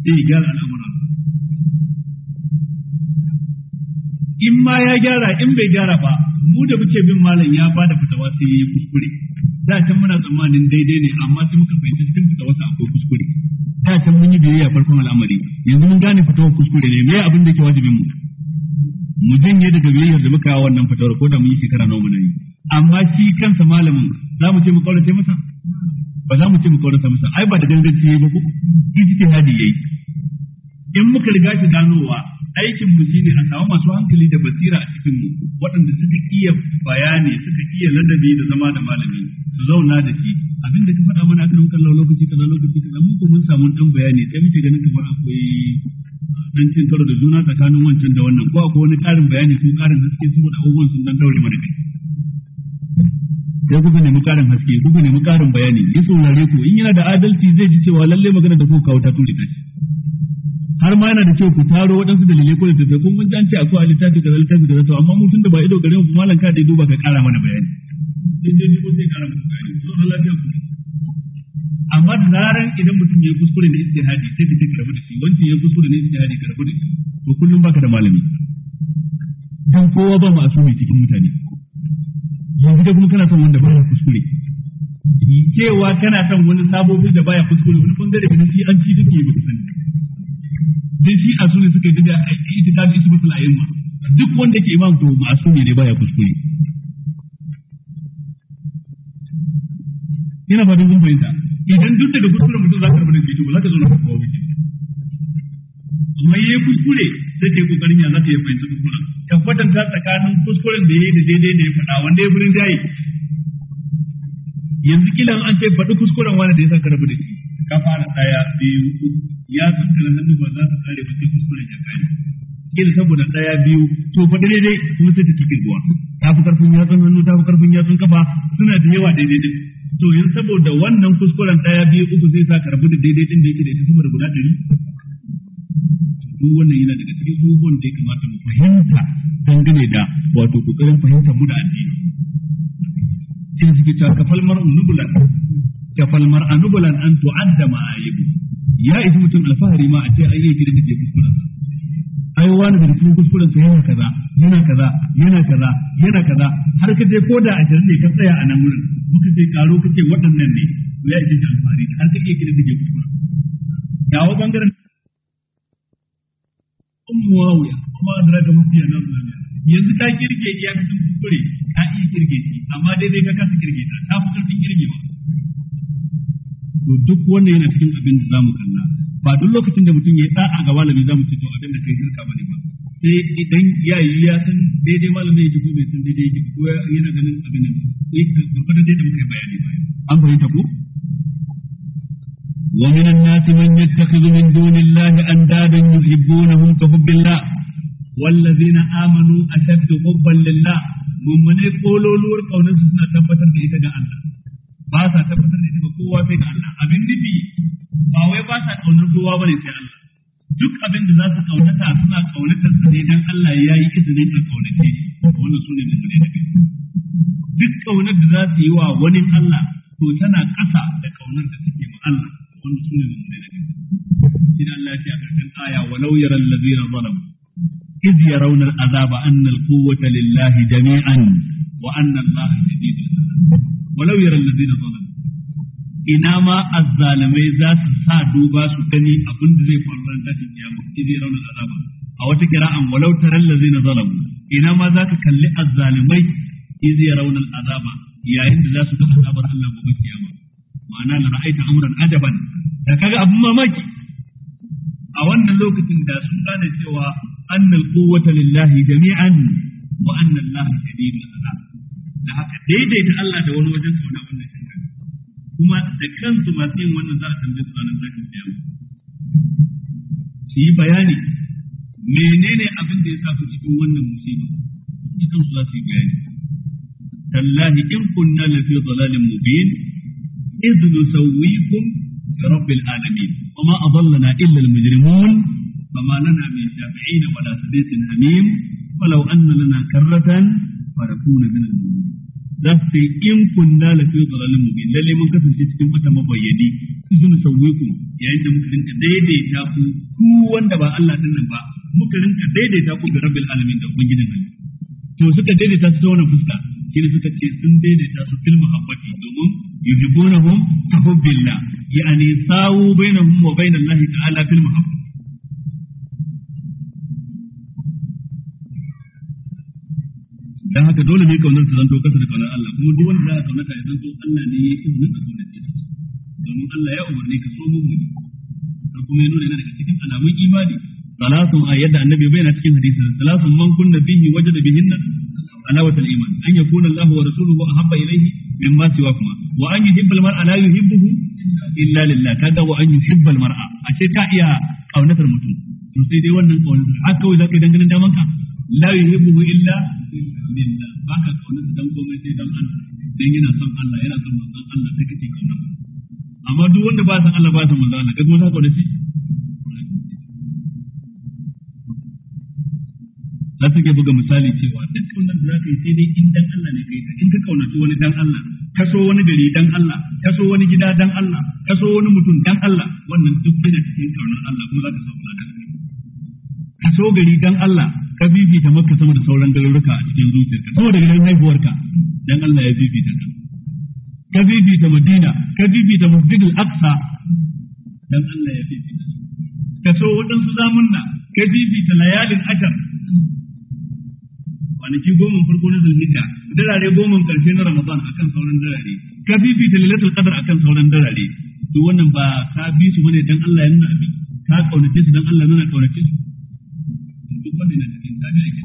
sai gyara al'amuran in ma ya gyara in bai gyara ba mu da muke bin malam ya bada fatawa sai ya yi kuskure da can muna tsammanin daidai ne amma sai muka fahimci cikin fatawa sa akwai kuskure da can mun yi biyayya farkon al'amari yanzu mun gane fatawar kuskure ne me abin da ke wajibin mu mu janye daga biyayyar da muka yi wannan fatawar ko da mun yi shekara nawa na yi amma shi kansa malamin za mu ce mu kaurace masa ba za mu ce mu kaurace masa ai ba da ganganci ba ko ijtihadi yayi in muka riga shi ganowa aikin mu shine a samu masu hankali da basira a cikin mu waɗanda suka iya bayani suka iya ladabi da zama da malami su zauna da shi abin da ka faɗa mana akan kallon lokaci kaza lokaci kaza mu mun samu dan bayani sai muke ganin kamar akwai dan ah, cin karo da juna tsakanin wancan da wannan ko akwai wani ƙarin bayani ko ƙarin haske saboda abubuwan sun dan daure mana kai sai kuka nemi karin haske kuka nemi karin bayani ya saurare ku in yana da adalci zai ji cewa lalle magana da kuka kawo ta turi kashi har ma yana da kyau ku taro waɗansu dalilai ko da kun mun tance akwai littafi da littafi da to amma mutum da ba ido gare mu malan ka da ido ba ka kara mana bayani sai dai duk sai kara mana bayani to Allah ya ku amma da zaran idan mutum ya kuskure da istihadi sai ka ce da shi wanda ya kuskure da istihadi karbu da shi to kullum baka da malami dan kowa ba ma'asumi cikin mutane yanzu da kuma kana son wanda baya kuskure cewa kana son wani sabobin da baya kuskure wani bangare da shi an ci duk yi ba sani da shi a sunni suka yi daga itikadi su mutul ayyuma duk wanda ke imam to masu ne baya kuskure ina fadin kun fahimta idan duk daga kuskure mutum za ka rubuta shi ba za ka zo na kuskure mutum amma ya kuskure sai ta kokarin ya zata ya fahimci kuskuren ka ta tsakanin kuskuren da ya yi da daidai da ya faɗa wanda ya burin jayi yanzu kila an ce faɗi kuskuren wani da ya sa karbi da shi ka fara ɗaya biyu uku ya san kana nan ba za ta tsare ba sai kuskuren ya kai kila saboda ɗaya biyu to faɗi daidai kuma sai ta ci kirguwa ta fi karfin yatsun hannu ta fi karfin yatsun kafa suna da yawa daidai din to yin saboda wannan kuskuren daya biyu uku zai sa karbi da daidai din da yake da ita saboda guda ɗari duk wannan yana daga cikin abubuwan da ya kamata mu fahimta dangane da wato kokarin fahimta mu da addini in suke ta kafal mar'u nubulan kafal mar'a nubulan an tu'adda ma'ayibu ya isi mutum alfahari ma a ce ai yake da take kuskuren ai wani da cikin kuskuren sa yana kaza yana kaza yana kaza yana kaza har ka je koda a ne ka tsaya a nan wurin muka ce karo kace waɗannan ne ya isi alfahari har ka yake da take kuskuren wa bangaren ummu wawiya kuma adraka mafiya na zaniya yanzu ka kirge ya fi sun kuskure ka iya kirge shi amma daidai ka kasa kirge ta ta fi karfin kirgewa to duk wannan yana cikin abin da zamu kalla ba duk lokacin da mutum ya yi da'a ga malami zamu ce to abin da kai shirka ba sai idan ya yi ya san daidai malamin ya ko bai san daidai yake ko yana ganin abin nan sai ka gurbata da muka bayani bayan an fahimta ko ومن الناس من يتخذ من دون الله أندادا يحبونهم كحب الله والذين آمنوا أشد حبا لله ممن يقولوا لور قولا سنة تبتر لإيتا الله باسا تبتر لإيتا قوة بين الله أبن نبي باوي باسا قولا قوة بين الله duk abin da za su kaunata suna kaunatar sa ne dan Allah ya yi izinin a kaunace shi wannan sune mummune da gaske duk kaunar da za su yi wa wani Allah to tana ƙasa da ƙaunar da suke ma Allah wanda su ne mummune da gaske shi da Allah ya ce a karshen aya walau yaral ladzina zalamu إذ يرون العذاب أن القوة لله جميعا وأن الله شديد العذاب ولو يرى الذين ظلموا ina ma azzalamai za su sa duba su gani abin da zai faru ran tashin kiyama idai raunin azaba a wata kira'an walau taral ladzina zalamu ina ma za ka kalli azzalimai idai raunin azaba yayin da za su ga azabar Allah gobe kiyama ma'ana la ra'aita amran ajaban da kaga abin mamaki a wannan lokacin da sun gane cewa annal quwwata lillahi jami'an wa anna allaha shadidul azab da haka daidaita Allah da wani wajen kauna wannan shirka kuma da kansu masu yin wannan za a tambaye su ranar zakin kiyama su yi bayani menene abin da ya sa ku cikin wannan musiba da kansu za su yi bayani tallahi in kunna lafi dhalalin mubin idh nusawwikum رب العالمين وما أضلنا إلا المجرمون فما لنا من شافعين ولا صديق حميم ولو أن لنا كرة فنكون من المؤمنين za su ce in kunna la fi dalalin mubin lalle mun kasance cikin wata mabayyani sun sauye ku yayin da muka rinka daidaita ku ku wanda ba Allah din nan ba muka rinka daidaita ku da rabbil alamin da ubangijin Allah to suka daidaita su ta wannan fuska shi ne suka ce sun daidaita su fil habbati domin yuhibbunahum ka hubbillah yani sawu bainahum wa bainallahi ta'ala fil mahabba dan haka dole ne kaunar su zanto kasa da kaunar Allah kuma duk wanda za a kaunata ya zanto Allah ne ya yi nan a kaunace shi domin Allah ya umarni ka so mummuni har kuma ya nuna yana daga cikin alamun imani Salasun a yadda annabi ya bayyana cikin hadisi salasun man kunna bihi wajada bihinna alawatul iman an yakuna Allah wa rasuluhu ahabba ilayhi min ma siwa kuma wa an yuhibbal mar'a la yuhibbuhu illa lillah kaga wa an yuhibbal mar'a a ce ta iya kaunatar mutum to sai dai wannan kaunatar haka kawai zaka dangane da manka la yuhibbuhu illa lillah ka kaunatar dan komai sai dan Allah dan yana son Allah yana son manzon Allah sai kake kaunar amma duk wanda ba san Allah ba san manzon Allah kaga wata shi. za su ke buga misali cewa duk kaunar da za ka yi sai dai in dan Allah ne kai ta in ka kaunaci wani dan Allah ka so wani gari dan Allah ka so wani gida dan Allah ka so wani mutum dan Allah wannan duk yana cikin kaunar Allah kuma za ka samu ladan ka so gari dan Allah ka bibita maka sama da sauran garuruka a cikin zuciyarka sama da gidan haihuwarka dan Allah ya bibita ka ka bibita Madina ka bibita Masjidil Aqsa dan Allah ya bibita ka so waɗansu zamunna ka bibita layalin ajam kwanaki goma farko na zulhijja dalare goma karshe na ramadan akan sauran dalare. ka fifita lailatul qadr akan sauran dalare. to wannan ba ka bi su bane dan Allah ya nuna abin ka kaunace su dan Allah nuna kaunace su duk wanda na cikin tabi ake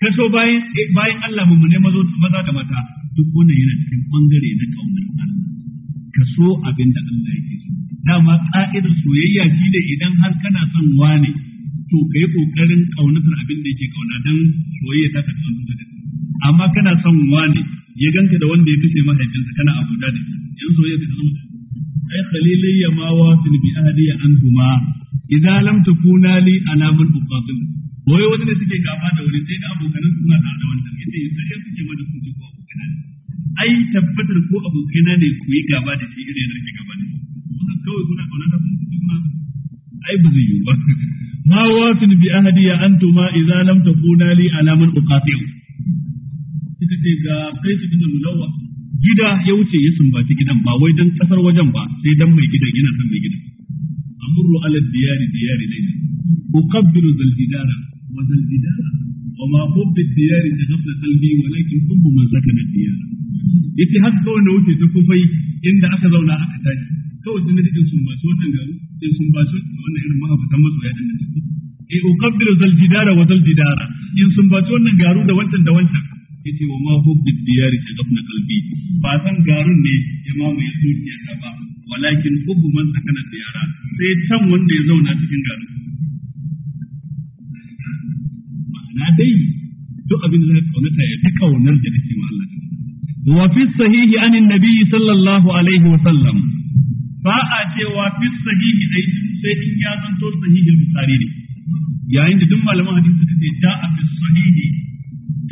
ka so bayan eh, bayan Allah ne mazo maza da mata duk wannan yana cikin bangare na kaunar Allah ka so abin da Allah yake so dama ka'idar soyayya shine idan har kana son wane to ka yi ƙoƙarin ƙaunatar abin da yake ƙauna don soyayya ta tafi wani da amma kana son wani ya ganka da wanda ya sai mahaifinsa kana abuja da yan soyayya ta zama ai khalilayya ma wa sun bi ahliya antuma idza lam takuna li alamun uqatil wai wani ne suke gaba da wani sai da abokanan suna da da wannan yace sai suke kuke mana ku ko abokan ai tabbatar ko abokan ne ku yi gaba da shi irin da ke gaba da shi kawai kuna kauna da kuma ai ba zai yi ba ma watin bi ahadi ya antuma idza lam takuna li alaman uqati'u kika ce ga kai cikin mulawa gida ya wuce ya sumbaci gidan ba wai dan kasar wajen ba sai dan mai gidan yana son mai gidan amru ala diyari diyari layla uqabbilu zal jidara wa zal jidara wa ma hubbi diyari ka ghafla qalbi walakin hubbu man sakana diyara yace haka kawai na wuce ta kufai inda aka zauna aka tashi kawai sun nake sun ba su wannan garu sai sun ba su wannan irin mahaifatan masoya din nan e eh, o zal jidara wa zal jidara in sun ba su wannan garu da wancan da wancan Ya ce wa ma hubbid diyari ka gafna kalbi ba san garun ne ya mamaye zuciya ta ba walakin hubbu man sakana diyara sai can wanda ya zauna cikin garu ma'ana dai duk abin da ya kaunata ya fi kaunar da nake ma Allah wa fi sahihi anin nabi sallallahu alaihi wa sallam ba a cewa fi sahihi dai sai in ya zanto sahihi bukhari ne yayin da duk malaman hadisi suka ce ta a fi sahihi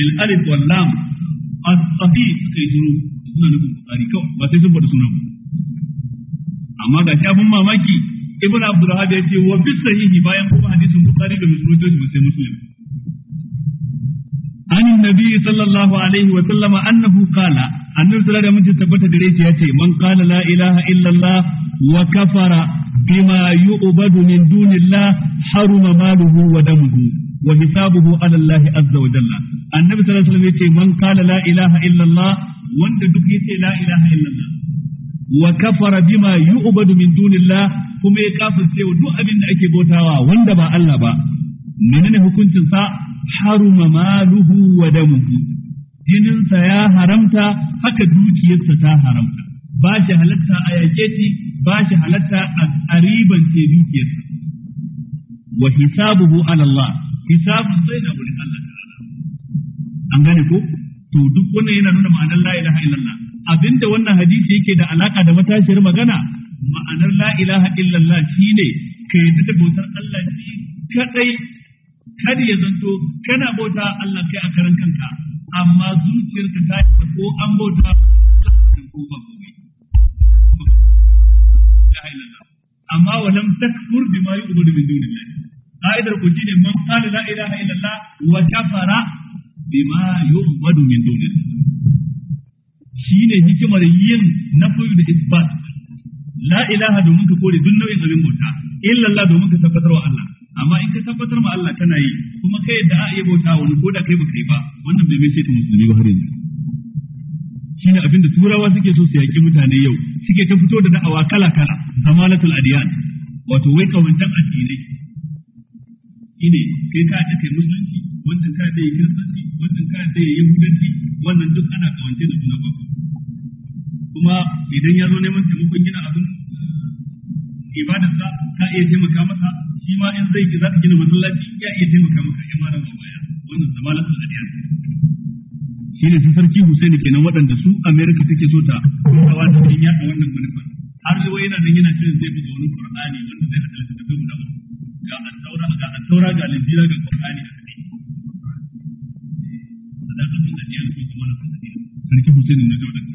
bil alif wal lam as sahih suka suna nufin bukhari kawai ba sai sun faɗi sunan amma ga shi mamaki ibn ya ce wa sahihi bayan kuma hadisin bukhari da muslim ba an annabi sallallahu alaihi wa sallama annahu qala annabi sallallahu alaihi wa tabbata gare shi yace man qala kuma ya kafirce duk abin da ake bautawa wanda ba Allah ba menene hukuncin sa haruma maluhu wa damuhu jininsa ya haramta haka dukiyarsa ta haramta ba shi halatta a yake shi ba shi halatta a ribance dukiyarsa wa hisabuhu ala Allah hisabun sai da wurin Allah ta'ala an gane ko to duk wannan yana nuna ma'anar la ilaha illallah abinda wannan hadisi yake da alaka da matashiyar magana ma'anar la ilaha illallah shine ka yadda da bautar Allah shi kadai kada ya zanto kana bauta Allah kai a karan kanka amma zuciyarka ta yi ko an bauta ko ba komai la ilaha amma lam takfur bima yu'budu min dunillah ka'idar ku jine man qala la ilaha illallah wa kafara bima yu'budu min dunillah shine hikimar yin nafi da isbat la ilaha domin ka kore duk nau'in abin bauta illallah domin ka tabbatar wa Allah amma in ka tabbatar ma Allah kana yi kuma kai da a iya bauta wani ko da kai baka yi ba wannan bai mai ta musulmi ba har yanzu shine abin da turawa suke so su yaki mutane yau suke ta fito da da'awa kala kala zamalatul adiyan wato wai kawantan addinai ine kai ka ta kai musulunci wannan ka da kiristanci wannan ka da yahudanci wannan duk ana kawance da juna babu kuma idan ya zo neman taimakon gina abin eh, ibadarsa ka iya taimaka masa shi ma in zai ki za ta gina masallaci ya iya taimaka maka ya mara ma baya wannan zamanin al'adiyar shi ne sarki Hussein kenan waɗanda su America take so ta kawo ta cikin yaɗa wannan manufa har shi yana nan yana cewa zai buga wani Qur'ani wanda zai hada da dubu da ga al-Taura ga al-Taura ga al-Injila ga Qur'ani a cikin sadaka sun da ko na al'adiyar sarki Hussein na Jordan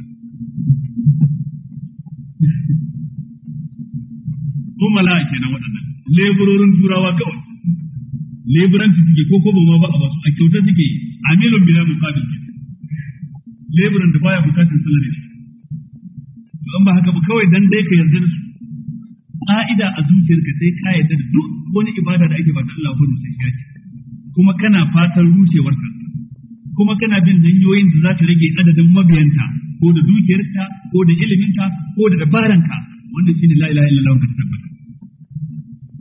ko la'a kenan waɗanda leburorin turawa kawai leburanci suke ko ko ma ba a basu a kyauta suke a amilun bila ke. leburan da baya bukatun sallar shi to an ba haka ba kawai dan dai ka yarda da su ka'ida a zuciyarka sai ka yarda da duk wani ibada da ake ba ta Allah ko sai ya kuma kana fatan ka kuma kana bin hanyoyin da za ta rage adadin mabiyanta ko da dukiyarka ko da iliminka ko da dabaranka wanda shine la ilaha illallah ka tabbata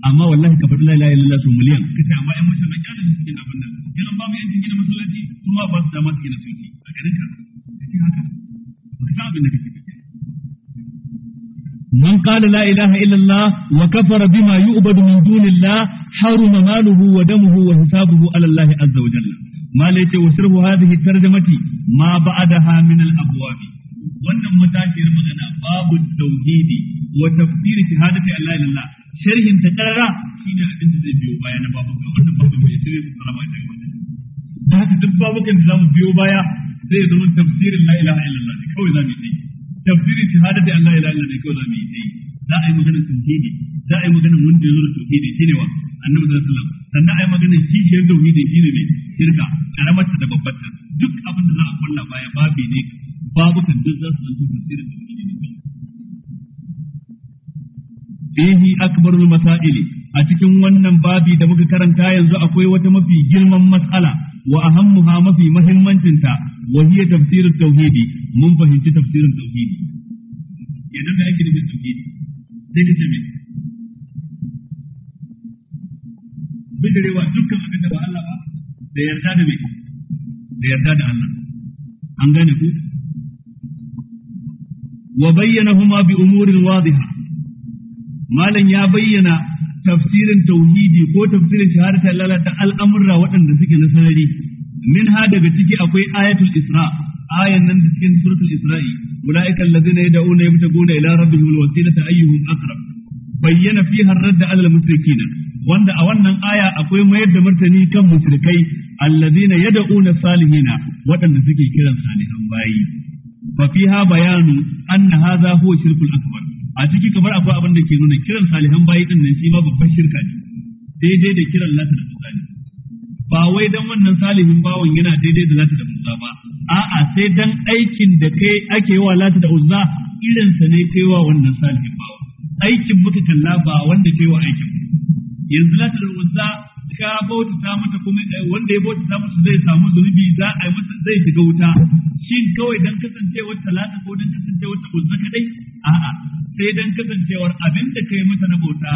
amma wallahi ka faɗi la ilaha illallah su miliyan kace amma ƴan musulmai kyale su cikin abin nan kenan ba mu yan jingina masallaci kuma ba su dama su gina soki a garin ka kace haka baka san abin da kake ba من قال لا إله إلا الله وكفر بما يؤبد من دون الله حرم ماله ودمه وحسابه على الله عز وجل ما ليت وسره هذه الترجمة ما بعدها من الأبواب wannan matashiyar magana babu tauhidi wa tafsiri shahadati Allah ilallah sharhin ta karara shi ne abin da zai biyo baya na babu babuka wannan babin bai sai su tsara ba ta gaba da haka duk babukan da zamu biyo baya zai zama tafsirin la ilaha illallah ne kawai zamu yi tafsirin shahada da Allah ilaha illallah ne kawai zamu yi za a yi maganar tauhidi za a yi maganar wanda ya zo da tauhidi shine wa annabi sallallahu alaihi wasallam sannan a yi maganar kishiyar tauhidi shine ne shirka karamar da babbar duk abin da za a kulla baya babu ne babukan duk za su zanto tafsirin tauhidi ne kawai Bihi akbarul masaili a cikin wannan babi da muka karanta yanzu akwai wata mafi girman mas'ala wa ahammuha mafi muhimmancinta wa hiya tafsirut tauhidi mun fahimci tafsirin tauhidi idan da ake nufin tauhidi sai ka ce me bidirewa dukkan abin da ba Allah ba da yarda da me da yarda da Allah an gane ku wa bayyana huma bi umurin wadihah malam ya bayyana tafsirin tauhidi ko tafsirin shahadatar lalata al'amurra waɗanda suke na sarari min ha daga ciki akwai ayatul isra ayan nan da cikin suratul isra'i ulaika allazina yad'una yabtaguna ila rabbihim alwasilata ayyuhum aqrab bayyana fiha ar-radd 'ala al-mushrikeena wanda a wannan aya akwai mayar da martani kan mushrikai allazina yad'una salihina waɗanda suke kiran salihan bayi fa fiha bayanu anna hadha huwa shirkul akbar a ciki kamar akwai abin da ke nuna kiran salihan bayi din nan shi ma babban shirka ne daidai da kiran lata da musa ne ba wai dan wannan salihin bawan yana daidai da lata da musa ba a'a sai dan aikin da kai ake wa lata da uzza irin sa ne kai wa wannan salihin bawan aikin muka kalla ba wanda kai wa aikin yanzu lata da uzza ka bautata mata kuma eh, wanda ya bautata mata zai samu zunubi za a yi masa zai shiga wuta shin kawai dan kasancewar talata ko dan kasancewar ta kunza kadai a'a sai dan kasancewar abin da kai mata na bauta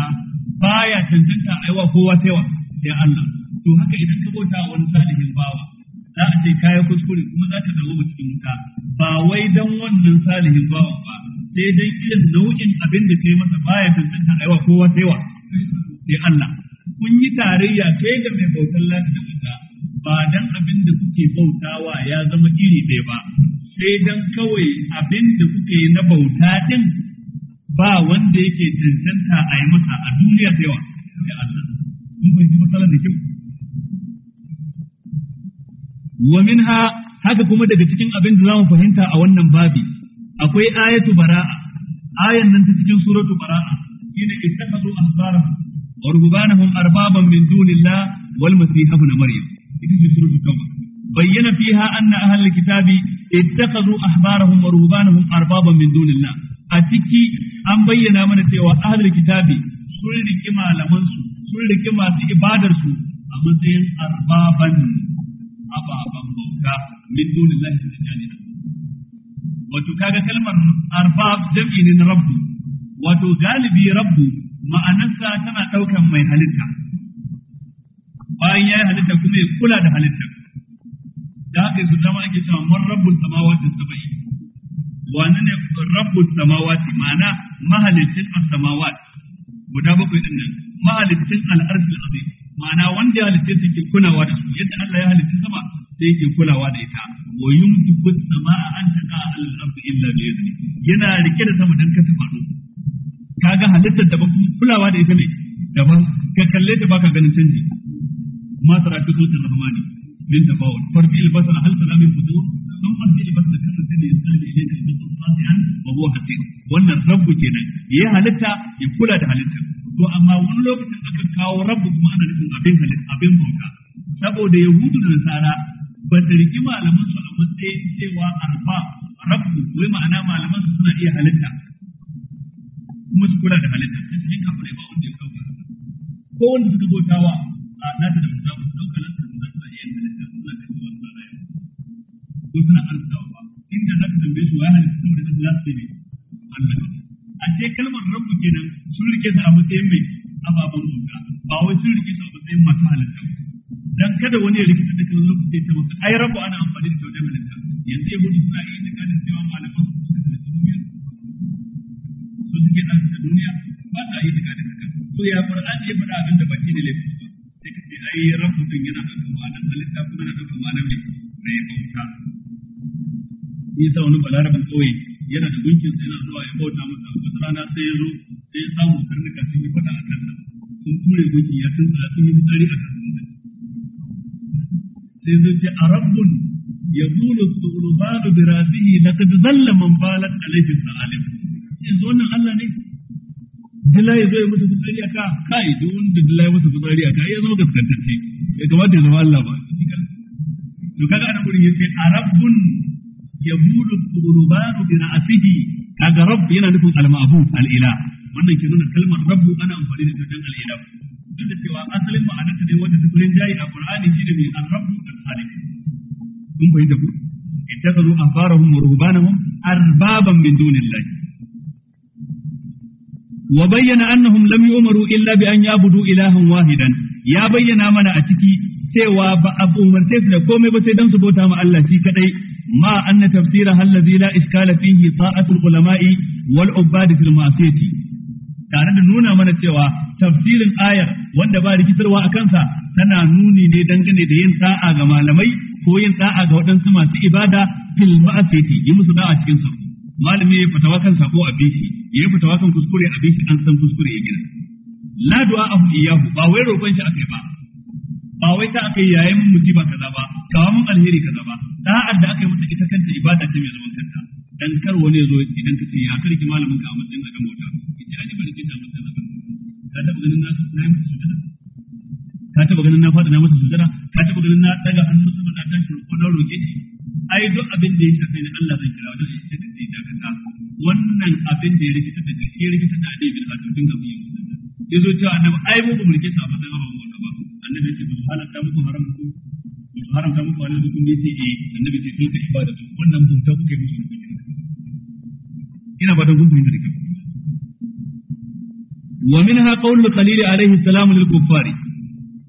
baya cancanta aiwa kowa taiwa wa sai Allah to haka idan ka bauta wani salihin bawa za a ce kaya kuskure kuma za ka dawo cikin wuta ba wai dan wannan salihin bawa ba sai don irin nau'in abin da kai masa baya cancanta aiwa kowa taiwa wa sai Allah kun yi tarayya kai da mai bautar lati da ba dan abin da kuke bautawa ya zama iri ɗaya ba sai dan kawai abin da kuke na bauta din ba wanda yake cancanta a yi masa a duniya da yawa sai Allah kun fahimci matsalar da kyau wa minha haka kuma daga cikin abin da zamu fahimta a wannan babi akwai ayatu bara'a ayan nan ta cikin suratu bara'a shine ittakhadhu ahbarahum wa rubanahum arbaban min dunillah wal masih ibn maryam ita ce suratul tauba bayyana fiha anna ahlul kitabi ittakhadhu ahbarahum wa rubanahum arbaban min dunillah a ciki an bayyana mana cewa ahlul kitabi sun riki malaman sun riki masu ibadarsu su a matsayin arbaban ababan bauta min dunillahi wato kaga kalmar arbab ne na rabbu wato galibi rabbu ma'anarsa tana ɗaukan mai halitta bayan ya yi halitta kuma ya kula da halitta da haka su zama ake cewa man rabbul samawati saba'i wani ne rabbul samawati ma'ana mahalicin as-samawat guda bakwai din nan mahalicin al-arshil azim ma'ana wanda ya ke take kulawa da su yadda Allah ya halicci sama sai yake kulawa da ita wa yumtiku as-samaa an taqa al-ardi illa bi yana rike da sama dan kasa faɗo kaga halittar daban kulawa da ita ne daban ka kalle ta baka ganin canji tara ta zuwa rahmani min tafawul farbi albasara hal salamin min sun farbi albasara kan da ne yasali ne da mutum fatihan wa huwa hasir wannan rabbu kenan ya halitta ya kula da halitta to amma wani lokacin aka kawo rabbu kuma ana nufin abin halitta abin bauta saboda yahudu da nasara ba ta riƙi malaman su a matsayin cewa arba rabbu wai ma'ana malaman su suna iya halitta kuma su kula da halitta da cikin kafin ba wanda ya kawo ko wanda suka bauta wa a nata da musa ba su dauka lantar musa suna iya halitta suna kashe wasu suna rayuwa ko suna arzikawa ba inda za ka tambaye su wa halitta sama da kasa za su ne Allah a ce kalmar rabu kenan sun rike su a matsayin mai ababen bauta ba wai sun rike su a matsayin masu halitta dan kada wani ya rikita da kallon lokaci ta ce maka ai rabu ana amfani da tawajen halitta yanzu ya gudu suna iya tsakanin cewa malaman su suke nan da duniya ba ta yi daga da haka So ya qur'ani ya faɗa abin da baki ne laifin ba sai ka ce ai rabbu yana da ma'anar halitta kuma na da nan ne mai bauta ni sa wani balarabin kawai yana da gunkin sai yana zuwa ya bauta masa wata rana sai ya zo sai ya samu karnuka sun yi faɗa a nan sun ture gunkin ya tsara sun yi tsari a nan sai zai ce a rabbun ya bulu tsulubanu birasihi laqad zalla man balat alaihi sa'alim yanzu wannan Allah ne dila ya zo ya masa fitsari a ka kai duk wanda dila ya masa fitsari a ka ya zama gaskantacce ya kamata ya zama Allah ba to kaga anan gurin yace arabbun yabudu qulubanu bi ra'sihi kaga rabb yana nufin al-ma'bud al ila wannan ke nuna kalmar rabbu ana amfani da ta al ila duk da cewa asalin ma'anar ta ne wanda ta kullun jayi a qur'ani shine mai ar-rabbu al-khaliq kun bai da ku ittakhadhu anfarahum wa rubbanahum arbaban min dunillahi wa bayyana annahum lam yu'maru illa bi an yabudu ilahan wahidan ya bayyana mana a ciki cewa ba a umarce su da komai ba sai dan su bauta ma Allah shi kadai ma anna tafsira allazi la iskala fihi ta'atul ulama'i wal ubbad fil ma'siyati tare da nuna mana cewa tafsirin ayar wanda ba rikitarwa a kansa tana nuni ne dangane da yin sa'a ga malamai ko yin sa'a ga waɗansu masu ibada fil yi musu da'a cikin sako malami ya fitawa kan sako a bishi ya fitawa kan kuskure a bishi an san kuskure ya gina la du'a ahu iyahu ba wai roƙon shi akai ba ba wai ta akai yayin mun musiba kaza ba kawo mun alheri kaza ba da'ar da akai mata ita kanta ibada ce mai zaman kanta dan kar wani ya zo idan ka ce ya karki malamin ka a matsayin abin ki ita aji bari ki ta matsayin abin ka taba ganin na na masa sujada ka taba ganin na fada na masa sujada ka taba ganin na daga hannu sama na tashi ko na roƙe ai duk abin da ya shafe ni Allah zai kira wajen wannan abin da ya rikita da gaske ya rikita da Ali bin Hatim din gaban yau ya zo cewa annabi ai mu ba mu rike sa ba da ba mu ba annabi ce ba halatta muku haram ku ba haram haramta muku wani da kun yace eh annabi ya ce tilka ibadatu wannan bauta kuka yi musu ne ina ba don kun fahimta da kyau wa minha qawlu khalil alaihi salam lil kuffari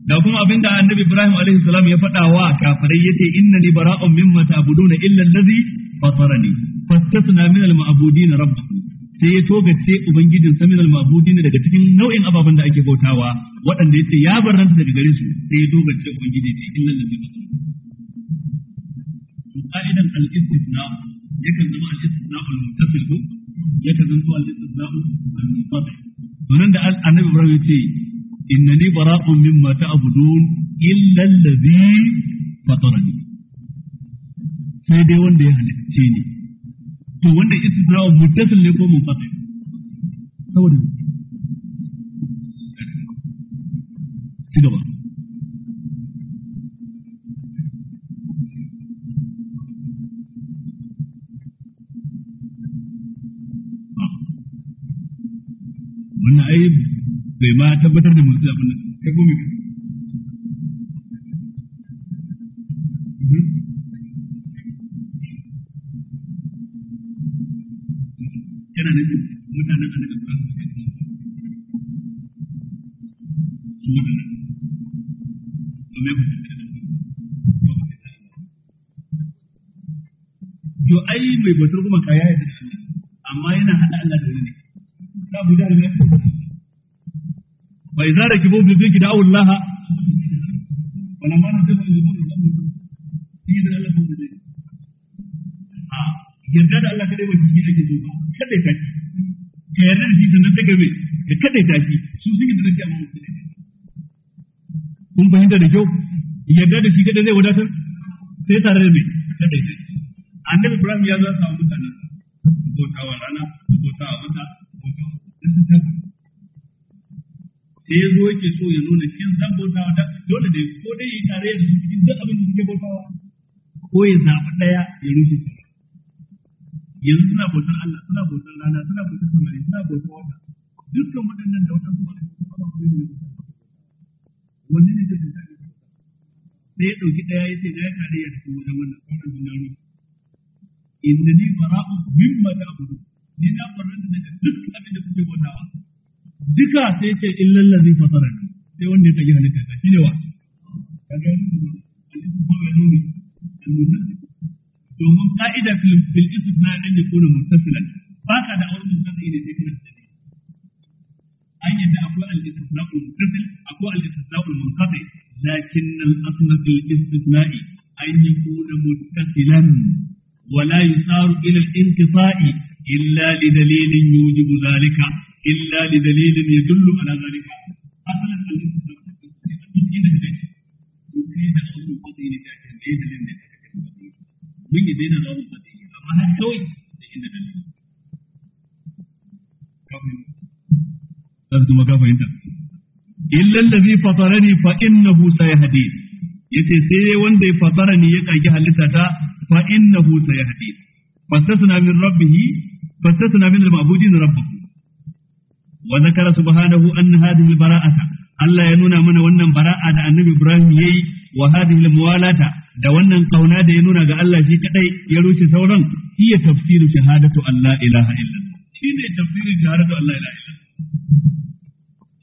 da kuma abin da annabi Ibrahim alaihi salam ya faɗa wa kafirai yace innani bara'un mimma ta'buduna illa allazi fatarani fastasna min al-ma'budin rabbuhu sai ya togace ubangijin sa min al-ma'budin daga cikin nau'in ababen da ake bautawa waɗanda yace ya barranta daga gare su sai ya togace ubangiji sai illa allazi fatarani qa'idan al-istithna yakan zama al-istithna al-muttasil yakan zama al-istithna al muttasil wannan nan da annabi Ibrahim yace إنني براء مما تعبدون إلا الذي فطرني سيدي وندي هلك سيدي. تو وندي إستدراء متصل لكم منقطع سوري تدبر آه. وانا عيب bai ma tabbatar da motsi abin nan kai ko me hmm? yana nan mutanen da daga da kan su nan to me ku to ai mai batar kuma kaya ya tafi amma yana hada Allah da wani ne da bu da ne bai zara ki bobi zai gida Allah wala ma da zai zuwa da mu shi da Allah bobi zai a yarda da Allah kadai wani shi ake zuwa kada ta ci ka yarda da shi sannan ta gabe ka kada ta ci su sun yi da shi amma kun fahimta da kyau yarda da shi kadai zai wadatar sai tare da mai kada ta ci annabi Ibrahim ya zo samu mutanen bautawa rana da ya zo yake so ya nuna kin zan bautawa da dole da ko dai ya tare da su cikin duk abin da suke bautawa ko ya zaɓi ɗaya ya rushe su yanzu suna bautar Allah suna bautar rana suna bautar samari suna bautar wata dukkan waɗannan da wata su ba da su ba ku da wanne ne take tunta sai ya ɗauki ɗaya ya ce na ya tare ya tafi wajen wannan sauran juna rushe inna ni fara'u mimma ta'budu ni na faranta daga duk abin da kuke bautawa duka sai ce illal ladhi fatarani sai wanda ya tagi halitta ta shine wa domin ka'ida fil fil istisna an yakuna Ba ka da auren muttasi ne sai kana da an yadda akwai al-istisna muttasil akwai al-istisna munqati lakin al-asna fil istisna an yakuna muttasilan ولا يصار إلى الانقطاع إلا لدليل يوجب ذلك illa li dalilin yadullu ala zalika asalan al-istisna da da ne da kan da dalilin da mun yi daina amma har kawai yace sai wanda ya ne ya kage halitta ta fa innahu sayahdi fastasna min rabbih fastasna min al-ma'budin rabbahu wa zakara subhanahu anna hadhihi al-bara'ata Allah ya nuna mana wannan bara'a da Annabi Ibrahim yayi wa hadhihi al-muwalata da wannan kauna da ya nuna ga Allah shi kadai ya rushe sauran iya tafsiru shahadatu Allah ilaha illallah shine tafsirin shahadatu Allah ilaha illallah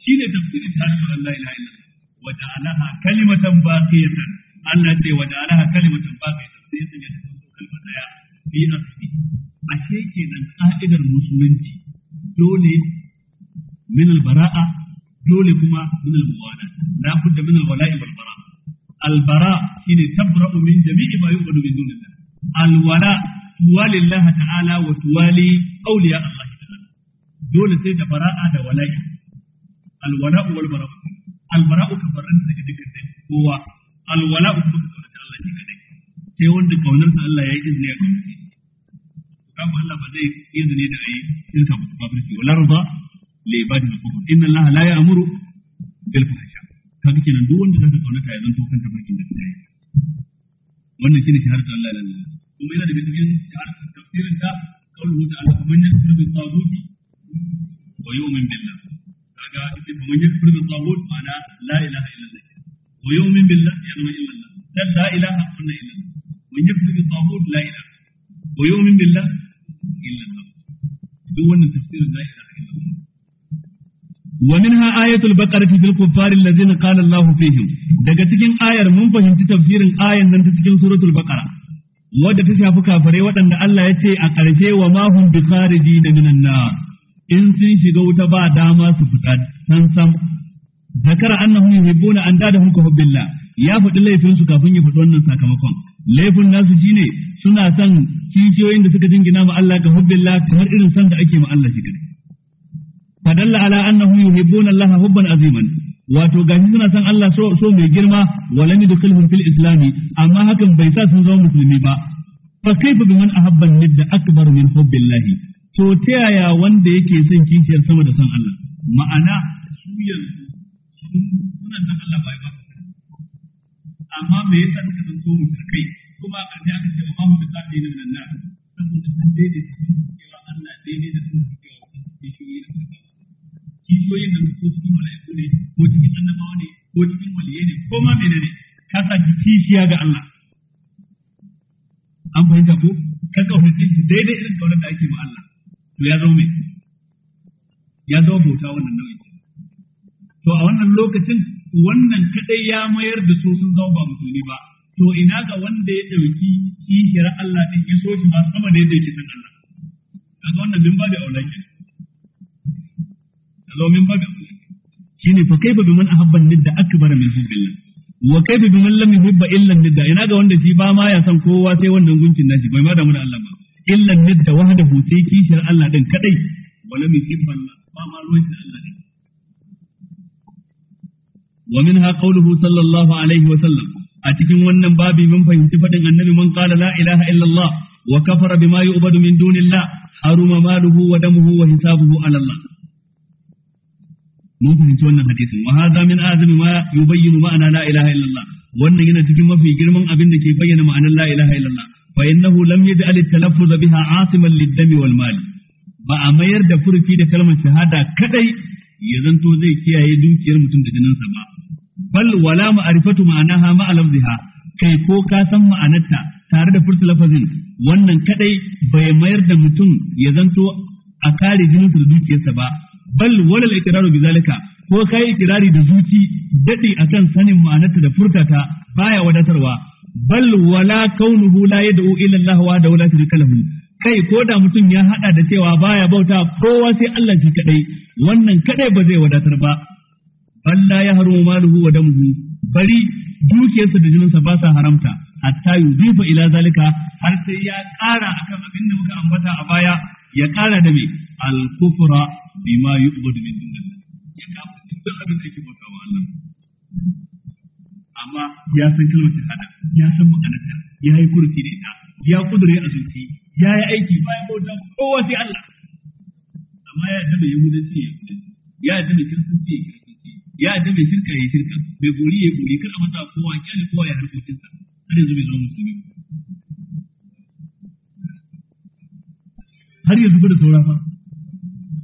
shine tafsirin shahadatu Allah ilaha illallah wa ta'alaha kalimatan baqiyatan Allah ce wa ta'alaha kalimatan baqiyatan sai sun yi kalma daya bi asli ashe kenan ka'idar musulunci dole min albara'a dole kuma min almuwana la budda min alwala'i wal bara'a albara shine tabra'u min jami'i ma yu'budu min dunillah alwala tuwali ta'ala wa tuwali awliya Allah ta'ala dole sai da bara'a da wala'i alwala'u wal bara'u albara'u kafaran daga dukkan Allah sai wanda sa Allah ya yi izini a kama Allah ba zai izini da ayi shirka ba li ibadihi al inna Allah la ya'muru bil fahsha kaga kenan duk wanda zaka kaunata ya zanto kan barkin da kai wannan shine shahadatu Allah la kuma yana da cikin shahadatu tafsirin ta qawluhu ta'ala man yakfur bi taghut wa yu'min billah kaga ita man yakfur bi taghut ma'ana la ilaha illa wa yu'min billah ya zama illa dan la ilaha illa Allah man yakfur bi taghut la ilaha wa yu'min billah illa Allah duk wannan tafsirin wa minha ayatul baqarati fil kuffari allazina qala Allah fihim daga cikin ayar mun fahimci tafsirin ayan nan ta cikin suratul bakara. wadda ta shafi kafare waɗanda Allah ya ce a ƙarshe wa ma hum bi da minan nar in sun shiga wuta ba dama su fita san sam zakara annahum yuhibbuna an dadahum ka hubbillah ya faɗi laifinsu kafin ya faɗi wannan sakamakon laifin nasu shi ne suna son kishiyoyin da suka jingina ma Allah ka hubbillah kamar irin san da ake ma fadalla ala annahu yuhibbuna Allah hubban aziman wato gashi suna san Allah so so mai girma walam yadkhuluhum fil islami amma hakan bai sa sun zama musulmi ba fa kaifa biman ahabba nidda akbar min hubbillah to ta yaya wanda yake son kishiyar sama da san Allah ma'ana su yanzu suna san Allah bai ba amma me yasa suka san so musulmai kuma a ƙarshe aka ce wa mahu da sabi na nan saboda sun daidaita sun cewa Allah daidai da sun kishiyoyin nan ko cikin mala'iku ne ko cikin annabawa ne ko cikin waliyai ne ko ma menene ka sa kishiya ga Allah an fahimta ko ka kaunace shi daidai irin kaunar da ake ma Allah to ya zama me ya zama bauta wannan nau'in to a wannan lokacin wannan kadai ya mayar da su sun zama ba musulmi ba to ina ga wanda ya dauki kishiyar Allah din ya so shi ba sama da yadda yake san Allah kaga wannan bin ba da aulaki min babu shine fa kaifa biman ahabban nidda akbar min hubbillah wa kaifa biman lam yuhibba illa nidda ina ga wanda shi ba ma ya san kowa sai wannan guncin nashi bai ma damu da Allah ba illa nidda wahdahu sai kishir Allah din kadai wa lam yuhibba Allah ba ma ruwan da Allah ne wa minha qawluhu sallallahu alaihi wa sallam a cikin wannan babi mun fahimci fadin annabi mun qala la ilaha illa Allah wa kafara bima yu'badu min dunillah haruma maluhu wa damuhu wa hisabuhu ala Allah mun fahimci wannan hadisin wa hadha min azmi ma yubayyinu ma'ana la ilaha illallah wannan yana cikin mafi girman abin da ke bayyana ma'anar la ilaha illallah fa innahu lam yaj'al at-talaffuz biha asiman lid-dami wal mal ba a mayar da furfi da kalmar shahada kadai ya zanto zai kiyaye dukiyar mutum da jininsa ba bal wala ma'rifatu ma'anaha ma'a lafziha kai ko ka san ma'anarta tare da furta lafazin wannan kadai bai mayar da mutum ya zanto a kare jininsa da dukiyarsa ba bal wala al-iqraru bizalika ko kai iqrari da zuci dadi akan sanin ma'anarta da furtata baya wadatarwa bal wala kaunuhu la yad'u ila Allah wa da tilkalahu kai ko da mutum ya hada da cewa baya bauta kowa sai Allah shi kadai wannan kadai ba zai wadatar ba Allah ya harumu maluhu wa damuhu bari dukiyarsa da jininsa ba sa haramta hatta yuzifa ila zalika har sai ya kara akan abin da muka ambata a baya ya kara da me al-kufra bima yu'budu min dunillah ya kafa duk abin da yake bautawa Allah amma ya san kalmar shahada ya san ma'anarta ya yi kurti da ita ya kudure a zuci ya yi aiki bayan bauta kowa sai Allah amma ya yadda mai yahudanci ya yahudanci ya yadda mai kiristanci ya kiristanci ya yadda mai shirka ya shirka mai bori ya bori kar a mata kowa kyale kowa ya harkokinsa har yanzu bai zama musulmi ba har yanzu zuba da sauran ma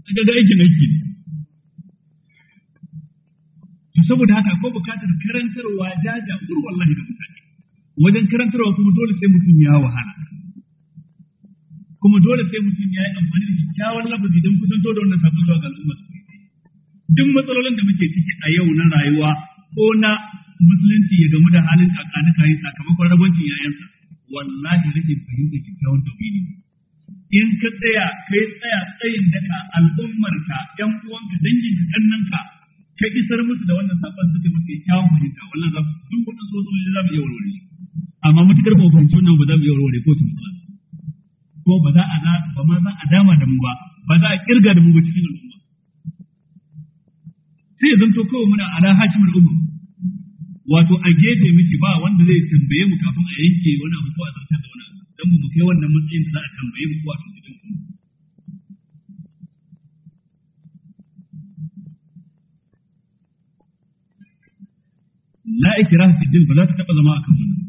daga da aikin aiki ne to saboda haka akwai bukatar karantarwa jaja kur wallahi da mutane wajen karantarwa kuma dole sai mutum ya wahala kuma dole sai mutum ya yi amfani da kyakkyawan lafazi don kusanto da wannan sabon zuwa ga al'umma su duk matsalolin da muke ciki a yau na rayuwa ko na musulunci ya gamu da halin kakanin kayi sakamakon rabancin yayansa wallahi rashin fahimtar kyakkyawan tauhidi ne in ka tsaya kai tsaya tsayin daka al'ummarka yan uwanka danginka kannanka ka isar musu da wannan sabon suke muke kyawun fahimta wannan za su duk wannan so zuwa za mu iya warware amma mutukar ba fahimci wannan ba za mu iya warware ko ta matsala ko ba za a ba ma za a dama da mu ba ba za a kirga da mu ba cikin al'umma sai ya zanto kawai muna ala hashimul umma wato a gefe miki ba wanda zai tambaye mu kafin a yanke wani abu ko a zartar da idan ku kai wannan matsayin za a tambaye ku a cikin ku la ikraha din ba za ta taɓa zama akan wannan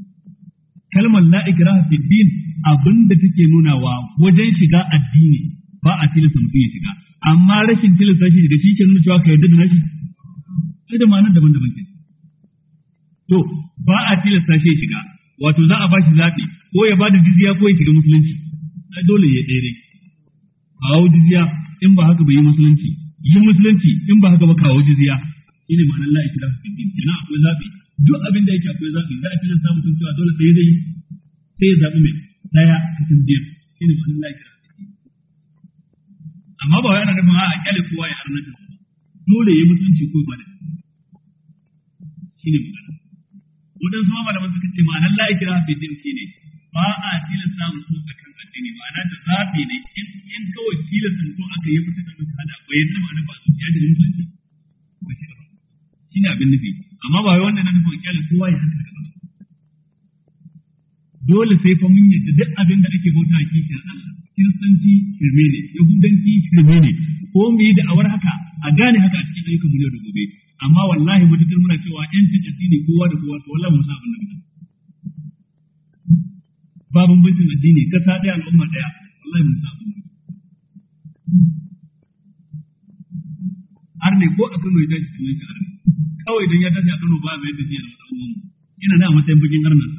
kalmar la ikraha abin da abinda take nunawa wajen shiga addini ba a tilasta mutum ya shiga amma rashin tilasta shi da shi ke nuna cewa ka yarda da nashi sai da ma'anar daban-daban ke to ba a tilasta shi ya shiga wato za a ba shi zaɓi ko ya bada jizya ko ya shiga musulunci ai dole ya ɗaya kawo jizya in ba haka ba yi musulunci yi musulunci in ba haka ba kawo jizya shine ma'anar la ikra fi din kana akwai zabi duk abin da yake akwai zabi za a tilasta samun sun cewa dole sai zai sai ya zabi mai daya cikin biyar shine ma'anar la ikra amma ba wai ana nufin a kyale kowa ya arnata dole ya yi musulunci ko ba da shine magana waɗansu ma malaman suka ce ma'anar la ikra fi din shine ba a tilasta mutum a kan addini ana da zaɓi ne in kawai tilasta mutum aka yi mutum da mutum hada ba yadda ma'ana ba su ya jirgin mutunci ba shi ba shi ne abin nufi amma ba wai wannan na nufin kyalin kowa ya haka ba dole sai fa mun yadda duk abin da ake bauta kishiyar Allah kiristanci firme ne yahudanci firme ne ko mu yi da'awar haka a gane haka a cikin ayyukan mu yau da gobe amma wallahi mutukar muna cewa yancin ne kowa da kowa to wallahi mu san abin da muke ba cin addini kasa ɗaya al'umma ɗaya wallahi mun samu arne ko a Kano ya cikin shi arne kawai dan ya dace, a Kano ba mai da shi da mutum ina na matsayin bugin arnan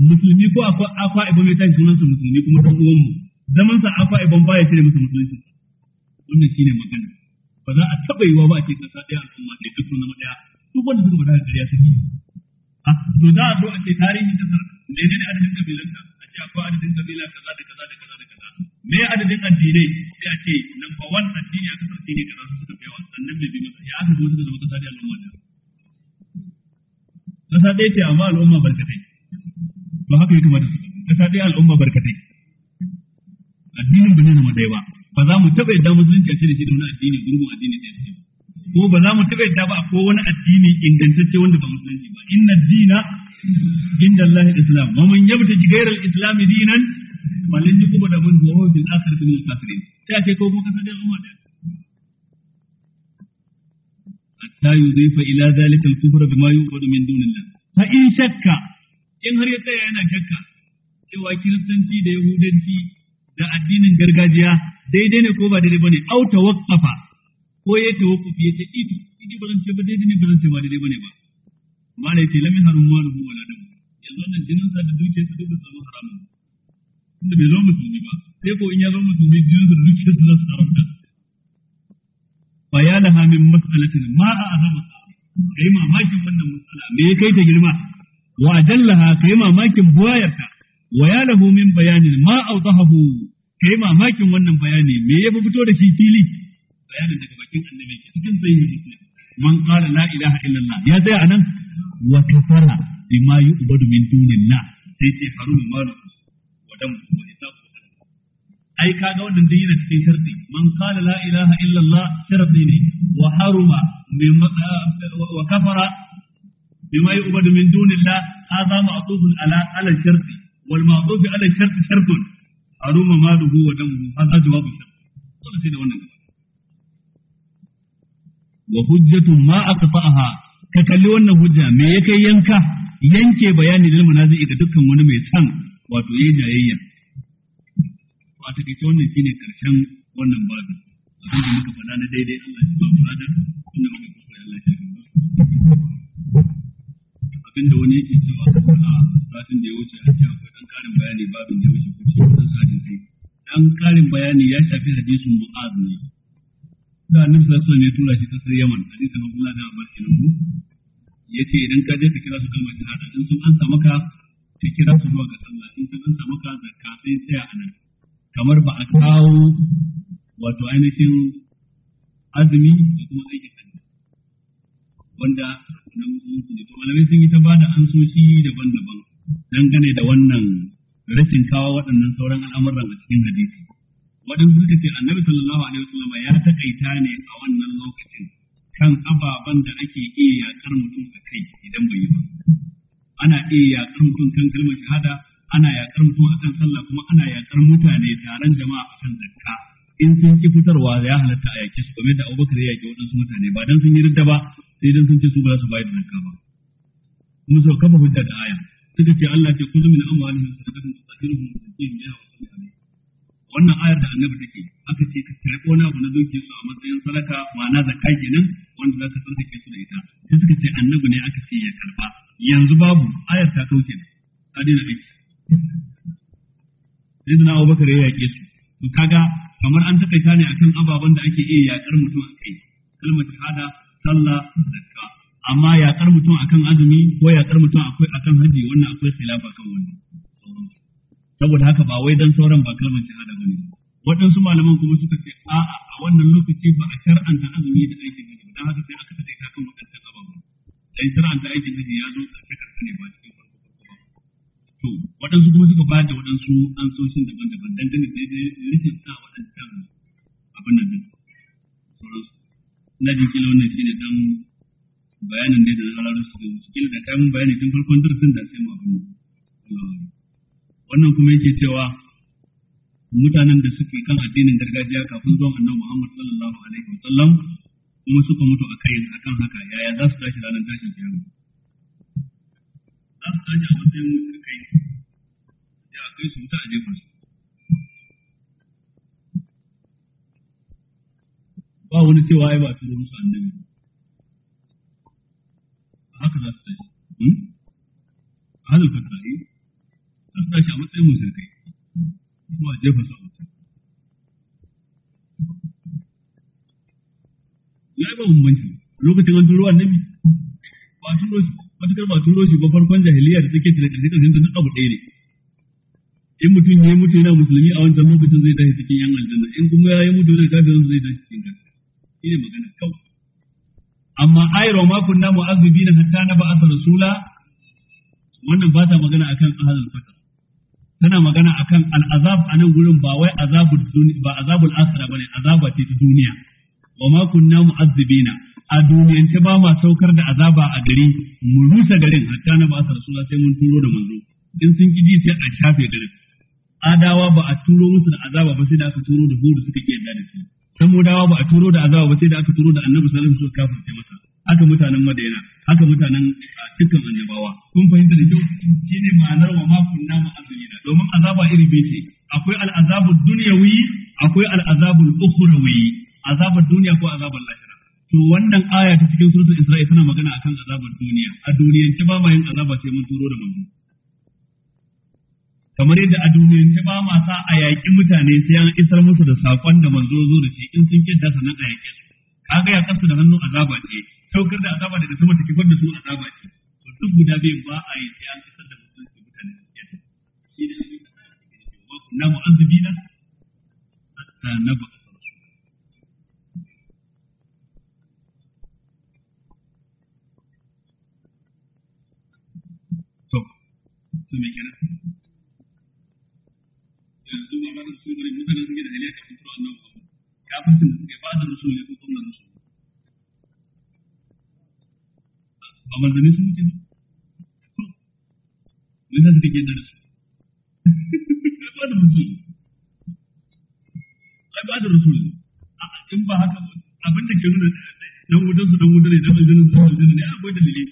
musulmi ko akwai akwa ibon ya tashi sunan sa musulmi kuma dan uwan mu zaman sa akwa ibon ba ya cire musu musulunci wannan shine magana ba za a taba yiwa ba a ce kasa ɗaya al'umma ɗaya duk sunan ɗaya duk wanda suka bada da ƙarya suke a ah, to za a zo a ce tarihin ne menene adadin kabilanka ce akwai adadin kabila kaza da kaza da kaza da kaza me adadin addinai sai a ce number one addini a kasar ne kaza su suka fi yawa sannan bai bi masa ya aka zo suka zama kasa da al'umma da kasa ɗaya ce amma al'umma barkatai ba haka ya kamata su kasa ɗaya al'umma barkatai addinin ba zai zama ɗaya ba ba za mu taɓa yadda musulunci a cire shi da wani addini gurgun addini ɗaya ce ba ko ba za mu taɓa yadda ba ko wani addini ingantacce wanda ba musulunci ba inna dina inda Allah islam wa man yabtaji ghayra al-islam dinan falan yuqba da man huwa bil akhirati min al-kafirin sai ce ko kuma kasan al'umma da hatta yudhifa ila dhalika al-kufr bima yuqadu min dunillah fa in shakka in har ya tsaya yana shakka cewa kiristanci da yahudanci da addinin gargajiya daidai ne ko ba daidai bane au tawaqqafa ko ya tawaqqufi ya ce ito idi ba zan ce ba daidai ne ba zan ce ba daidai bane ba mana yace lam yahrum maluhu wala dam yanzu wannan jinin sa da dukiyar sa duk ba zama haramun tunda bai zama musulmi ba sai ko in ya zama musulmi jinin sa da dukiyar sa za su haramta bayanaha min mas'alatin ma a azama kai mamakin wannan mas'ala me kai ta girma wa ajallaha kai mamakin buwayarta wa ya lahu min bayanin ma awdahu kai mamakin wannan bayani me ya fito da shi fili bayanin daga bakin annabi cikin sahihi muslim man qala la ilaha illallah ya tsaya anan wa kafara wa damu wa hujjatu ma ka kalli wannan hujja me ya kai yanka yanke bayani lil zai ga dukkan wani mai san wato yayin jayayya a takaice wannan shine karshen wannan babu abin da muka faɗa na daidai Allah ya ba mu lada wanda muka kuskure Allah ya ba abin da wani yake cewa a satin da ya wuce a cewa akwai dan karin bayani babin da ya wuce kuce dan satin sai dan karin bayani ya shafi hadisin mu'az ne da annabi sallallahu alaihi wasallam ya tura shi kasar Yaman hadisin Abdullah da Abbas kenan yace idan ka je ka kira su kalmar shahada in sun ansa maka ka kira su zuwa ga sallah in sun ansa maka zakka sai tsaya a nan kamar ba a kawo wato ainihin azumi da kuma aikin hajji wanda na musulunci ne to malamai sun yi ta bada ansoshi daban-daban dangane da wannan rashin kawo waɗannan sauran al'amuran a cikin hadisi waɗansu suka ce annabi sallallahu alaihi wasallam ya takaita ne a wannan lokacin kan ababen da ake iya yaƙar mutum a kai idan bai yi ba ana iya yaƙar mutum kan kalmar shahada ana yaƙar mutum a kan sallah kuma ana yaƙar mutane taron jama'a a kan zakka in sun ki fitarwa ya halatta a yake su kuma da Abubakar ya yake waɗansu mutane ba dan sun yi ridda ba sai dan sun ce su ba za su bayar da zakka ba kuma sau kafa hujja da aya suka ce Allah ce kullu min a sadaqatun tutahiruhum wa tuzakkihim biha wa sallu wannan ayar da annabi take aka ce ka tare ko na abu na dukiyar su a matsayin sadaka ma'ana zakka kenan wanda za ka tsarkake su da ita sai suka ce annabi ne aka ce ya karba yanzu babu ayar ta kauce ne ta daina aiki sai da nawa bakare ya yake su to kaga kamar an takaita ne akan ababen da ake iya yakar mutum a kai kalmar shahada sallah zakka amma yakar mutum akan azumi ko yakar mutum akwai akan haji wannan akwai khilafa kan wannan saboda haka ba wai dan sauran ba kalmar shahada bane waɗansu malaman kuma suka ce a'a a wannan lokaci ba a shar'anta azumi da aikin haji dan haka sai aka taƙaita kan ba. ababen dan shar'anta aikin haji ya zo ƙarshe ƙarshe ne ba cikin farko farko ba to waɗansu kuma suka ba da waɗansu ansoshin daban-daban dan da rikin sa waɗancan abin nan na jin kila wannan shine dan bayanin dai da na rarrasu kila da kayan bayani tun farkon darasin da sai mu abin Allah wannan kuma yake cewa mutanen da suke kan addinin gargajiya kafin zuwan annabi Muhammad sallallahu alaihi wa sallam kuma suka mutu a kai akan haka yaya za su tashi ranar tashin kiyama za su tashi a matsayin kai ya kai su wuta a jefar su ba wani cewa ai ba ruwan su annabi haka za su tashi hmm? a hadal fatari sun tashi a matsayin musulkai kuma a jefa su a wuta ya yi ba bambanci lokacin an turo annabi ba a turo shi matukar ba a turo shi ba farkon jahiliya da take da ƙarshe ƙarshen ta duk abu ɗaya ne in mutum ya yi mutu yana musulmi a wancan lokacin zai tashi cikin yan aljanna in kuma ya yi mutu zai kafirin zai tashi cikin kafir shi ne magana kawai amma ayar wa makon namu azubina hatta na ba'asa rasula wannan ba ta magana akan ahlul fata tana magana akan al'azab a nan gurin ba wai azabul ba azabul akhirah bane azaba ce ta duniya wa ma kunna mu'azzibina a ta ba ma saukar da azaba a gari mu rusa garin hatta na ba rasula sai mun turo da manzo in sun ki ji sai a shafe garin adawa ba a turo musu da azaba ba sai da aka turo da hudu suka kiyar da su dawa ba a turo da azaba ba sai da aka turo da annabi sallallahu alaihi wasallam suka kafirce masa haka mutanen madina haka mutanen dukkan annabawa kun fahimta da kyau ne ma'anar wa ma kunna ma'azina domin azaba iri biyu ce akwai al'azabu dunyawi akwai al'azabu ukhrawi azabar duniya ko azabar lahira to wannan aya ta cikin suratul isra'i tana magana akan azabar duniya a duniyance ba ma yin azaba sai mun turo da manzo kamar yadda a duniyance ba ma sa a yaƙi mutane sai an isar musu da saƙon da manzo zo da shi in sun kinta sannan a yaƙi su kaga ya kasu da hannun azaba ce saukar da azaba daga sama take gwada su azaba ce to duk guda biyun ba a yi sai an kasar da mutum su mutane su yadda shi ne abin da Allah ke nufi Na kunna mu'azzibina hatta nabu to me kenan yanzu ba ma da su bane mutane suke da haliya kafin turo ba, kafin da suke ba da rusul ne ko kuma rusul ba manzanni sun wuce ba me za su ke da rasu? su ba da rasu ai ba da rasul in ba haka abin da ke nuna dan wutan su dan wutan ne dan aljanna su aljanna ne akwai dalili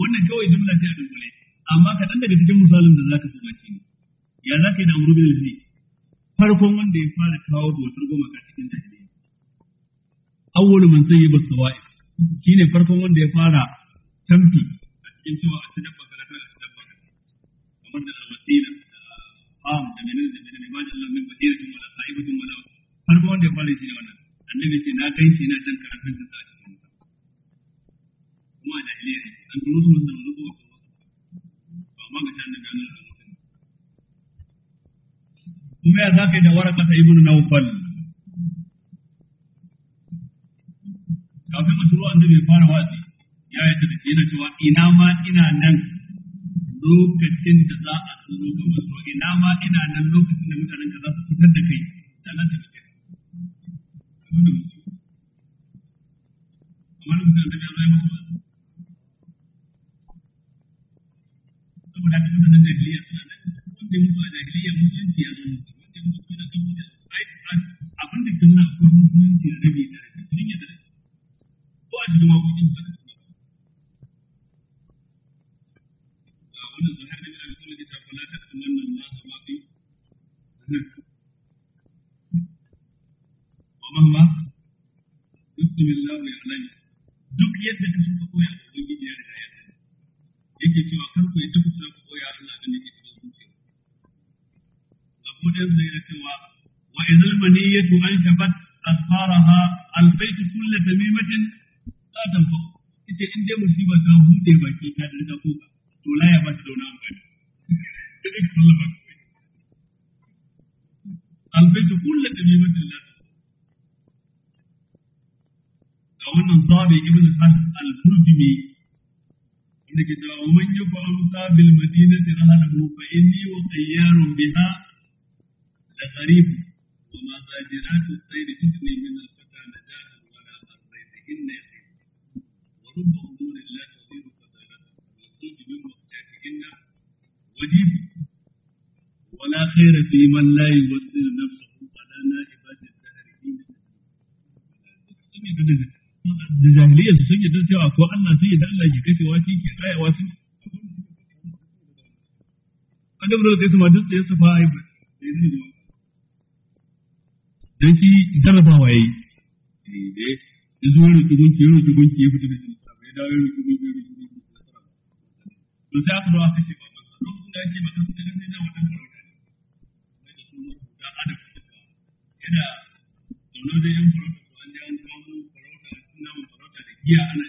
wannan kawai jumla ce a dubule amma kaɗan daga cikin misalin da zaka so baki ne ya zaka yi da amru bil zai farkon wanda ya fara kawo bautar gumaka cikin jahiliya awwalu man sayyiba sawa'i shine farkon wanda ya fara canfi a cikin cewa a cikin bakara kan a cikin bakara kamar da alwasila da ham da menene da menene ba Allah min basiratun wala sa'ibatun wala har ba wanda ya fara shi ne wannan annabi ce na kai shi na jan karatun sa'i بالمدينة رهنه فإني وطيار بها لغريب وما غادرات الطير تدني من الفتى نجاة ولا أرضيتهن يقين ورب أمور لا تغير فضالته والزوج من مقتاتهن وجيب ولا خير في من لا يوجد dole sai su ma dutse su fa ai ba dan shi yayi eh dai zo da shi to sai aka ba lokacin da sai dai da ne da su da yana yan farauta an an kawo sunan da giya ana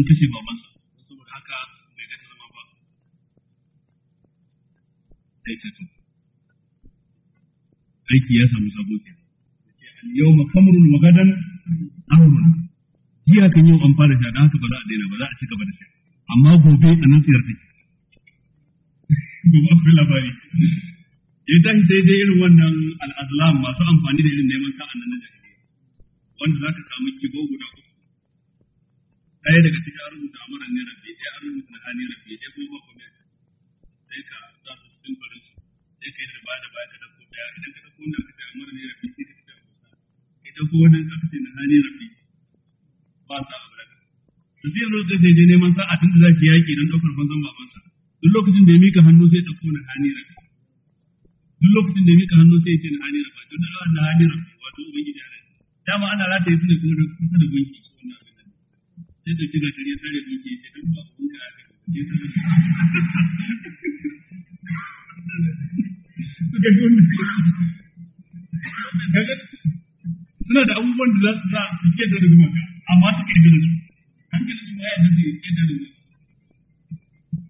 sun kashe babansa saboda haka bai ga zama ba sai aiki ya samu sabo ke yau makamurin magadan amrun jiya kan yau an fara sha da haka ba za a daina ba za a ci gaba da shi amma gobe a nan tsayar take gobe akwai labari idan daidai irin wannan al'azlam masu amfani da irin neman sa'an nan na jahiliya wanda za ka samu kibo guda uku ɗaya daga cikin an da amara ne rabbi ɗaya da rubuta hani rabbi ɗaya kuma ba kuma sai ka za su cikin farin su sai ka yi da ba da baya ka dauko ɗaya idan ka dauko wannan aka amara ne rabbi sai ka ce abusa ka ko wannan aka ce na hani rabbi ba sa abu da to zai zo ka sai neman sa'a tun da za ki yaƙi don ɗaukar banzan babansa duk lokacin da ya mika hannu sai ɗauko na hani rabbi duk lokacin da ya mika hannu sai ya ce na hani rabbi duk da na hani rabbi wato ubangiji ana dama ana rataye su ne kuma da kusa da gunki sai da kiga tare sare su ke dan ba su ka aka ke sa suna da abubuwan da za su sa su ke da rigima amma su ke da su hankalin su ya da ke da rigima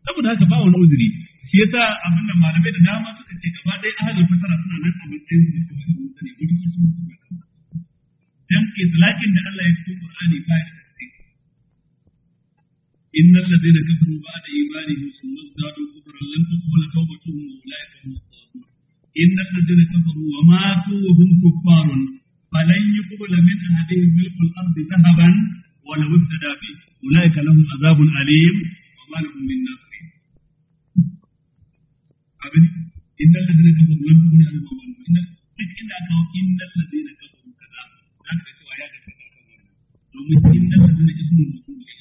saboda haka ba wani uzuri shi ya sa abin da malamai da dama suka ce gaba ɗaya ahalin fasara suna nan a matsayin su da kawai sun sani wani kusur su ba dan islakin da Allah ya fito Qur'ani ba ya إن الذين كفروا بعد إيمانهم ثم ازدادوا كفرا لن تقبل توبتهم وأولئك هم الضالون إن الذين كفروا وماتوا وهم كفار فلن يقبل من أحدهم ملك الأرض ذهبا ولو ابتدى به أولئك لهم عذاب أليم وما لهم من ناصرين أبدا إن الذين كفروا لم تغني عنهم أموالهم إن duk inda aka hau innal ladina kafaru kaza za ka ga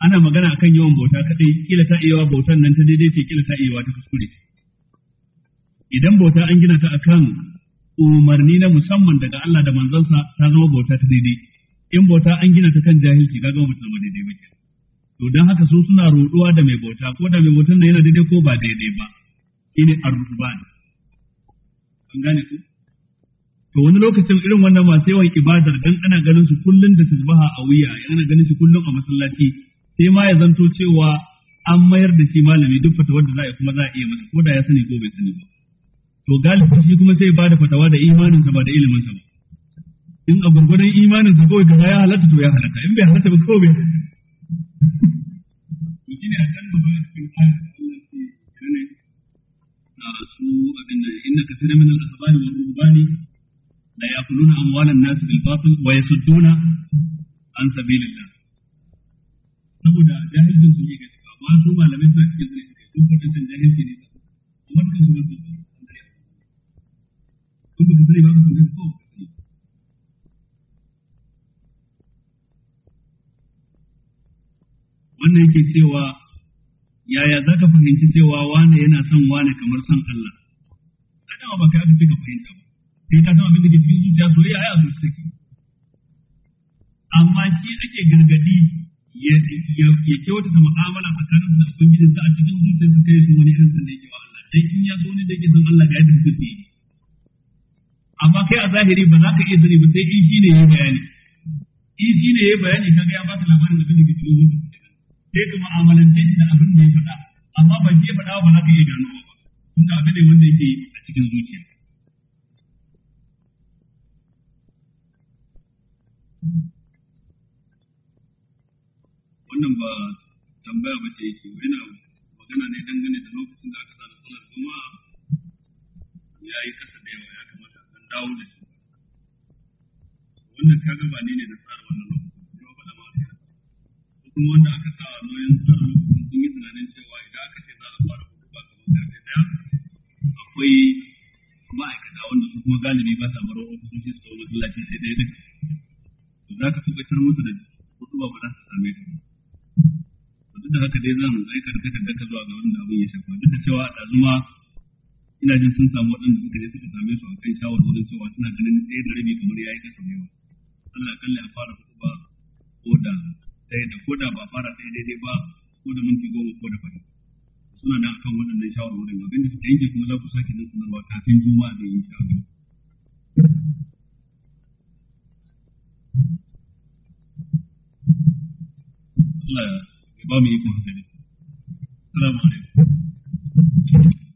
ana magana akan yawan bauta kadai kila ta iya bautan nan ta daidai ce kila ta iya ta kuskure idan bauta an gina ta akan umarni na musamman daga Allah da manzansa ta zama bauta ta daidai in bauta an gina ta kan jahilci ga ga mutum daidai ba to dan haka su suna roduwa da mai bauta ko da mai bautan nan yana daidai ko ba daidai ba shine arruban an gane ku to wani lokacin irin wannan masu yawan ibadar dan ana ganin su kullun da tasbaha a wuya ana ganin su kullun a masallaci sai ma ya zanto cewa an mayar da shi malami duk fatawar da za a kuma za a iya masa ko da ya sani ko bai sani ba to galibi shi kuma sai ba da fatawa da imanin ba da ilimin ba in a gurgurdan imanin sa kawai kaza ya halatta to ya halatta in bai halatta ba kawai bai to shine a kan ba cikin ayin Allah ke kane a su abin nan inna kathira min al-ahbari wa rubbani la yaquluna amwalan nas bil batil wa yasudduna an sabilillah saboda jahilcin su ne ga shiga ba su malamai suna cikin su ne suka yi duk wadancan jahilci ne su kamar kan su masu su sun baka sani ba ka sani ko wannan yake cewa yaya za ka fahimci cewa wane yana son wane kamar son Allah kada ba kai aka ce ka fahimta ba sai ka san abin da ke cikin zuciya soyayya ai a zuciya amma shi ake gargadi ya kyautata mu'amala tsakanin da ubangijin sa a cikin zuciyarsa kai su wani irin sanda yake wa Allah dan in ya so ne da yake san Allah ga yadda kuke yi amma kai a zahiri ba za ka iya sani ba sai in shine ya bayani in shine ya bayani kaga ya baka labarin da kake cikin zuciyarsa sai ka mu'amalance shi da abin da ya faɗa amma ba shi faɗa ba za ka iya gano ba tunda abin da wanda yake a cikin zuciya Thank you. wannan ba tambaya ba ce yake yana magana ne dangane da lokacin da aka sa da kuma ya yi kasa da yawa ya kamata a dawo da shi wannan kaga ba ne ne da tsara wannan lokacin ba faɗa mafi yana ko kuma wanda aka sa nauyin tsara lokacin sun yi tunanin cewa idan aka ce za a fara hudu ba kamar karfe daya akwai ma'aikata wanda su kuma galibi ba sa barin ofisoshi su kawo lafiya sai ɗaya ɗin za ka tabbatar musu da hudu ba ba za su same ta ba duk da haka dai za mu zan aika da ka zuwa ga wanda abin ya shafa duk da cewa a ɗazuma ina jin sun samu waɗanda suka je suka same su a kan shawarwarin cewa suna ganin ɗaya da rabi kamar ya yi kasa yawa Allah kalli a fara kuɗu ba ko da ɗaya da ko da ba fara ɗaya daidai ba ko da minti goma ko da fari suna nan akan waɗannan shawarwarin abinda suka yanke kuma za ku sake nan sanarwa kafin juma'a da yin shawarwarin. Allah ya ba mu ikon hasali assalamu alaikum